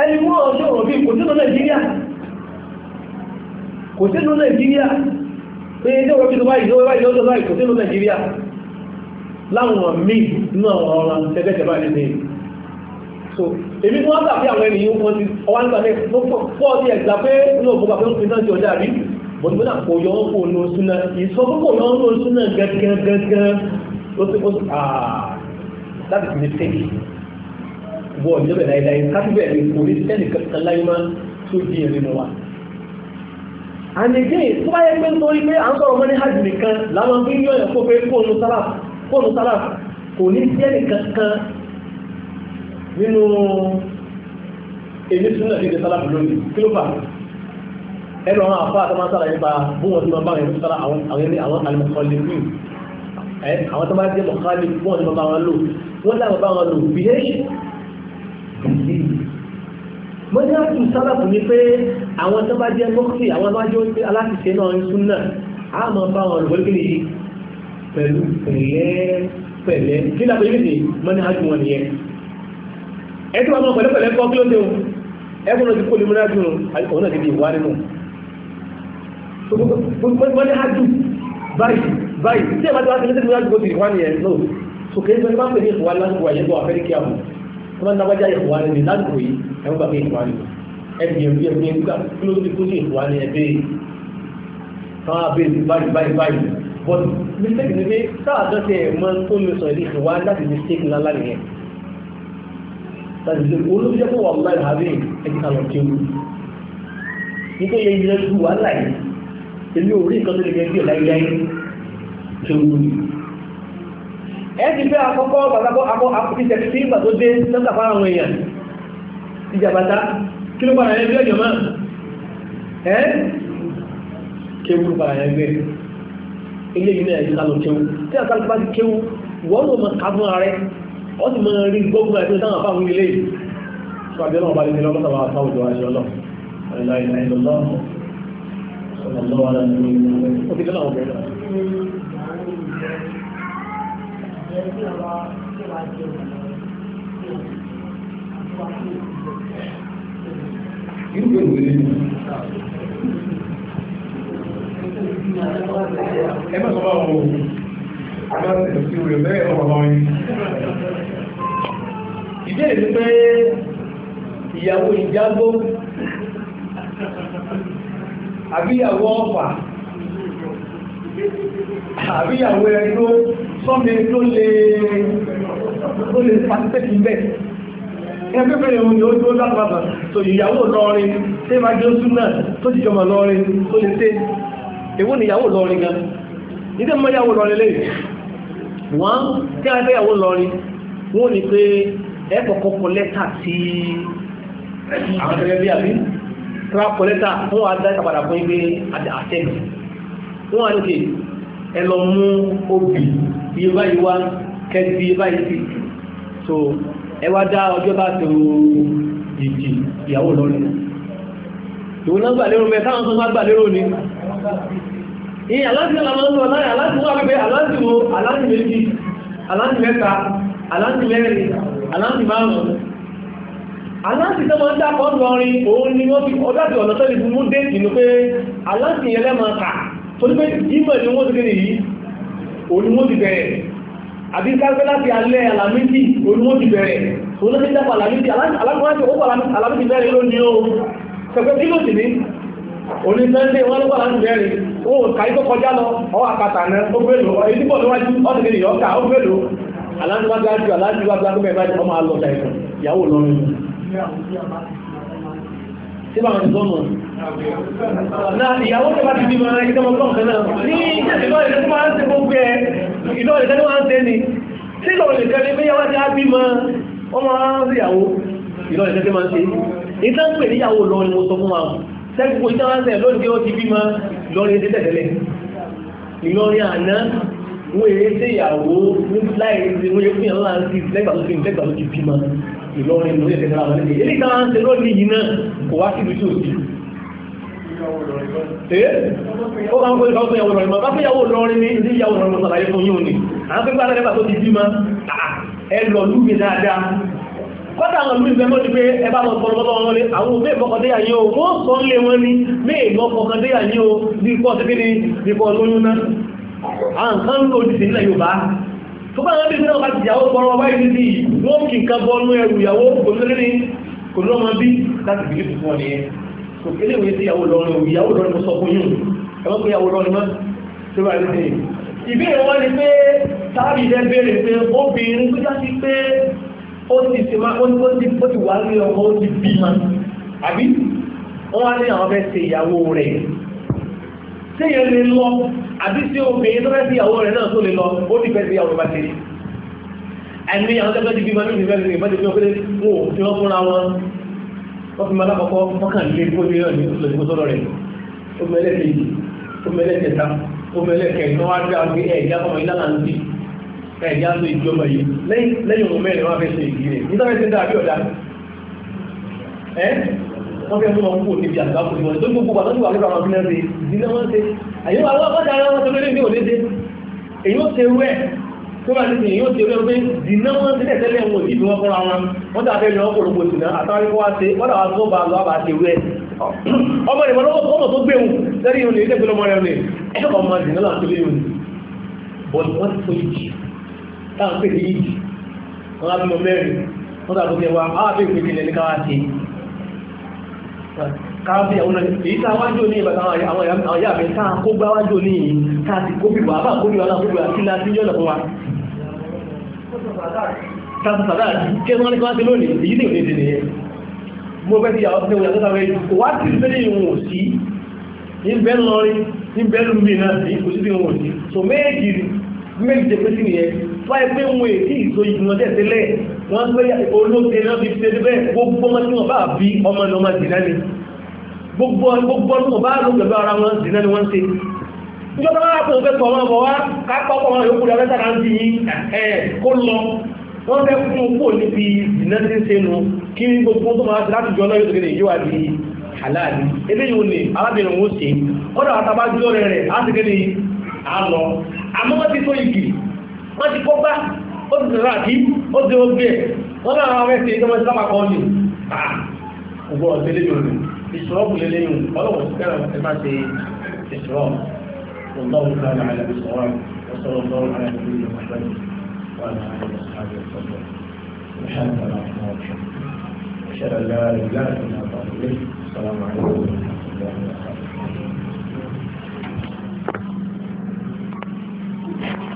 ẹni mú ọjọ́ òròbí kò sínú Nàìjíríà kò sínú Nàìjíríà pé ilé òròbí tó bá ìjọ wáyé lọ́jọ́ láì kò sínú Nàìjíríà láwọn míì nínú àwọn ọ̀rọ̀ tẹ́gbẹ́tẹ́ báyìí ní so èmi tí wọ́n tàbí àwọn ènìyàn wọn ti ọwá nígbà mẹ́ fọ́ sí ẹ̀gbà pé ní òkú bàbá ń fi náà ti ọjà rí bọ̀dúnmọ́lá kò yọ ọ́ kò nù súnà ìsọfúnpọ̀ yọ ọ́ nù súnà gẹ́gẹ́gẹ́gẹ́ ló ti kó àà láti fi mistake bọ́ ọ̀dọ́ bẹ̀ láìláì káfíbẹ̀ ní kò ní sẹ́ni kankan láyé máa tó di ẹ̀rí mọ́ wa. àníjẹ́ tó bá yẹ pé nítorí pé à ń sọ̀rọ̀ mọ́ni hajj nìkan làwọn fi ń yọ ẹ̀kọ́ pé fóònù sálà fóònù sálà kò ní sẹ́ni kankan nínú èmi súnà ti di sálà lónìí kí ló fà ẹnu àwọn àfáà tó máa ń sára nípa bí wọ́n ti máa bá wọn ẹ̀rọ sára àwọn ẹni àwọn alìmọ̀kọ́lẹ́fìn àwọn tó máa jẹ́ mọ̀kálí bí wọ́n ti máa bá wọn lò wọ́n láwọn bá wọn lò bí é mọ́jáàtù sábàbù ni pé àwọn tó bá jẹ́ mọ́kì àwọn tó bá jẹ́ aláṣìṣe náà ń sún náà á máa bá wọn lò wọ́n kéde yìí pẹ̀lú pẹ̀lẹ́pẹ̀lẹ́ kí lápò yìí nìyí mọ́ni á ju wọn nìyẹn ẹ tí wọ́n máa pẹ̀lẹ́pẹ̀lẹ́ kọ́ kí ló dé o ẹ kún ló ti kó lè múná dùn òun náà ti di ìwádìí náà wọ́n ní ájú báyìí báyìí tí ẹ̀bá tí wọ́n ti lé tẹ́lẹ̀ gbogbo ìwá ni ẹ̀ lọ so kìí sọ ní máa ń pè ní ìwà lásìkò àyẹ̀bọ̀ àfẹ́ríkì àbò tí wọ́n náwájá ìwà ni lásìkò yìí ẹ̀wọ́n gbàgbé ìwà ni ẹ̀bí ẹ̀bí ẹ̀bí ẹ̀bí kí ló ti kó sí ìwà ni ẹ̀bí àwọn abẹ́rẹ́ báyìí báyìí báyìí but mistake ni pé sáàtọ́ ti ẹ̀mọ́ tó lè sọ ìdí ìwà láti mistake ńlá lánìí yẹn láti ṣe olóṣèlú wà láì àbí ẹ̀ka lọ kéwù nítorí ẹ̀yẹ ju wàhálà yìí èmi ò rí nǹkan tó lè gẹ́ bí ẹ̀láyáyé tó ń lù ẹ́ ti fẹ́ àkọ́kọ́ bàbábọ́ akọ́ àkùnfíṣẹ́ tí ìgbà tó dé sọ́tà fún àwọn èèyàn ìjàbàtà kí ló padà ẹgbẹ́ ọ̀yọ́ mọ́ ẹ́ kéwú padà ẹgbẹ́ ilé yìí náà yíká lọ kéwú tí àtàlù bá ti kéwú wọ́n ló mọ ká fún ààrẹ ó sì máa rí gbogbo الله على نبينا محمد وفي الله وبعلا Irú bẹ̀rù rẹ̀ ẹ mọ́ sọ́bá wọn ohun, àgbàtẹ̀ sí orí ọ̀bẹ́ ẹ̀rọ ọ̀rọ̀ yìí. Ìbéèrè pé ìyàwó ìjágbó àbíyàwó ọ̀fà àbíyàwó ẹ̀rọ sọ́mi tó lè tó lè pàtẹ́kì bẹ́ ẹgbẹ́bẹ̀rẹ̀ òun yóò tó lápapà tó ìyàwó lọ́rin tí ma jọ súnà tó ti jọmọ̀ lọ́rin tó lè tẹ́ èwo ni ìyàwó lọ́rin gan nígbẹ́ mọ́ ìyàwó lọ́rin lè wọ́n tí a fẹ́ ìyàwó lọ́rin wọ́n ni pé ẹ kọ́kọ́ kọ lẹ́tà sí àwọn tẹ̀lẹ́bí àbí tó bá kọ́lẹ́tà wọ́n wá dá ìtàpadà fún ibi àtẹ́lù wọ́n wá lókè ẹ lọ mú obì iye báyìí wá kẹ́sì iye báyìí sí so ẹ wá dá ọjọ́ bá tó ìjì ìyàwó lọ́rẹ̀ ìwọ náà gbàlérò mẹ́ táwọn tó bá gbàlérò ni ní aláǹtí aláǹtí aláǹtí aláǹtí wà pípẹ́ aláǹtí wo aláǹtí méjì aláǹtí mẹ́ta aláǹtí mẹ́rin aláǹtí márùn-ún aláǹtì tó máa ń dákọ̀ lọrin òun ni wọ́n fi ọdájú ọ̀nà tẹ́lẹ̀ fún mún déètì ní pé aláǹtì yẹn lẹ́mọ̀ kà tó ní pé jímọ̀ ni wọ́n ti gẹ́rẹ̀ yìí òun ni wọ́n ti bẹ̀rẹ̀ àbí káfẹ́ láti alẹ́ alámìtì òun ni wọ́n ti bẹ̀rẹ̀ òun ló ti o sẹ̀pẹ́ kí ló sì ní òní sẹ́ńdé wọ́n ló wà láti bẹ̀rẹ̀ òun kàí tó kọjá lọ ọwọ́ àkàtà náà ó gbèlò èyí pọ̀ níwájú ọ̀sẹ̀ ìyọ́ka ó gbèlò aláǹtì wájú aláǹtì wájú agbẹ́mẹ̀ ọmọ alọ́ta ẹ̀kọ́ ìyàwó lọ́rin Síbà wọn ìgbọ́n mọ̀. Náà ìyàwó tó bá ti bí máa ìjọmọ̀ tó ọ̀fẹ́ náà ní ìjọba ìjọba tó máa ń ṣe gbogbo ẹ̀ ìjọba ìjọba tó máa ń ṣe ni. Sílò ìjọba ìjọba ìyàwó ti á bí máa ọmọ ìyàwó ìjọba ìjọba máa ń ṣe. Ìtàn pè níyàwó lọ ni mo sọ fún wa. Sẹ́gbogbo ìjọba ń sẹ̀ lónìí ó ti bí máa lọrin ti tẹ̀tẹ̀lẹ̀. Ìlọrin àná wọ́n èrè sí ìyàwó láì ìlọrin lórí ẹ̀kẹ́ láwọn níbi ilé kan ń ṣe lónìí yìí náà kò wá síbi tí ò sí ó kàn kó ìkàwọ́ fẹ́yàwó lọ́rin ma bá fẹ́yàwó lọ́rin ní ilé ìyàwó lọ́rin sàlàyé fún yíò ni àwọn pípa alẹ́gbà tó ti bí ma ẹ lọ lúgbì dáadáa kọ́tà àwọn olùgbé mọ́ ti pé ẹbá mọ́ fọ́nbọ́n wọn lé àwọn òfin ìfọkàndéyà yíò wọ́n sọ ń lé wọn ní méè mọ́ yíò ní pọ́ sí kí ní pọ́ lóyún náà tó bá rẹ̀ bí náà bá ti yàwó pọ̀rọ̀ wáyé ní bí wọ́n kì nǹkan bọ́ ní ẹrù ìyàwó kò ní rí kò ní ọmọ bí láti bìlí fún ọ nìyẹn kò kí léwé sí ìyàwó lọ́rùn ìyàwó lọ́rùn mo sọ fún yín ẹ̀wọ́n pé ìyàwó lọ́rùn mọ́ tó bá rí sí ìbéèrè wọn ni pé sáàbì rẹ béèrè pé obìnrin tó já sí pé ó ti ṣe máa ó ti wà ní ọmọ ó ti bímọ àbí wọn wá ní àwọn fẹ́ ṣe ìyàwó rẹ̀ séyàn lè lọ àbí sí obìnrin tó fẹ́ sí ìyàwó rẹ̀ náà tó lè lọ ó ti fẹ́ sí ìyàwó bá ti rí ẹni àwọn tẹ́gbẹ́ ti bí ma lóyún ìfẹ́ ìfẹ́ ti fi ọkọ́lé wọn ò fi wọ́n fúnra wọn wọ́n fi ma lákọ̀ọ́kọ́ mọ́kàn lé kó lé ọ̀nì lòdìbò sọ́dọ̀ rẹ̀ ó mẹ́lẹ̀ kejì ó mẹ́lẹ̀ kẹta ó mẹ́lẹ̀ kẹrin wọ́n á dá pé ẹ̀ẹ́dá ọmọ ilá náà ń bí ẹ̀ẹ́dá ló ìjọba wọ́n fẹ́ mú wọn kú níbi àgbà kò níwọ̀n tó gbogbo àwọn ìwà nípa ọdún ẹ̀rẹ́ ìdílé wọn ṣe àyè wọn ara wọn sọ pé ní òlédè èyí ó ṣe rú tó bá ti èyí ó ṣe rú ẹ̀ ti tẹ̀tẹ̀lẹ̀ wọn òjì wọn fúnra wọ́n tà fẹ́ lọ wọ́n tà wá ní yìí wọn á bí mọ mẹ́rin káàbí àwọn èyí tá wájú ní àwọn ìyá mi tá kó gbá wájú ní yìí tá ti kóbi wà bá kóbi wà láàkóbi àti láti yọ́nà fún wa tàbí sàdá kí wọ́n ní kíwáṣí lónìí èyí tí ò ní dìnnìyẹ mo fẹ́ ti yàwó fẹ́ wọ́n yàtọ̀ sáré wá sí ìfẹ́lẹ̀ ìwọ̀n òsì ìbẹ́ lọrin ìbẹ́ lùmí so méjì méjì jẹ́ pé sí fáyé pé wọn èdè ìzò ìgbìmọ̀jẹ́ tẹ́lẹ̀ wọ́n pé olóògbé náà fi ṣe bẹ́ẹ̀ gbogbo ọmọ tí wọ́n bá bí ọmọ ní ọmọ dìná ni gbogbo ọmọ bá ló pẹ̀lú ara wọn dìná ni wọ́n ṣe ìjọba wọn kò fẹ́ tọ̀ wọn bọ̀ wá kápọ̀ ọmọ yòókù rẹ̀ mẹ́ta náà ń di ẹ̀ kó lọ wọ́n fẹ́ fún un kò níbi dìná ti ṣe nu kí gbogbo tó máa láti jọ náà yóò tẹ̀lé yóò wá di halali eléyìí ò ní arábìnrin wọn ṣe ọ̀dọ̀ àtàbájọ́ rẹ̀ rẹ̀ á ti kéde àlọ́ àmọ́ wọ́n ti tó ìgì wọ́n ti kọ́gbá ó ti sọ̀rọ̀ àti ó ti ogbé wọ́n náà àwọn ẹ̀sìn ìjọba ìsọ́mà kan ní ọgbọ́n ọ̀sẹ̀ lẹ́yìn òní ìṣòro kù lẹ́yìn ọlọ́wọ́ sí kẹ́rọ ẹ má ṣe ìṣòro ọlọ́wọ́ sí kẹ́rọ àlẹ́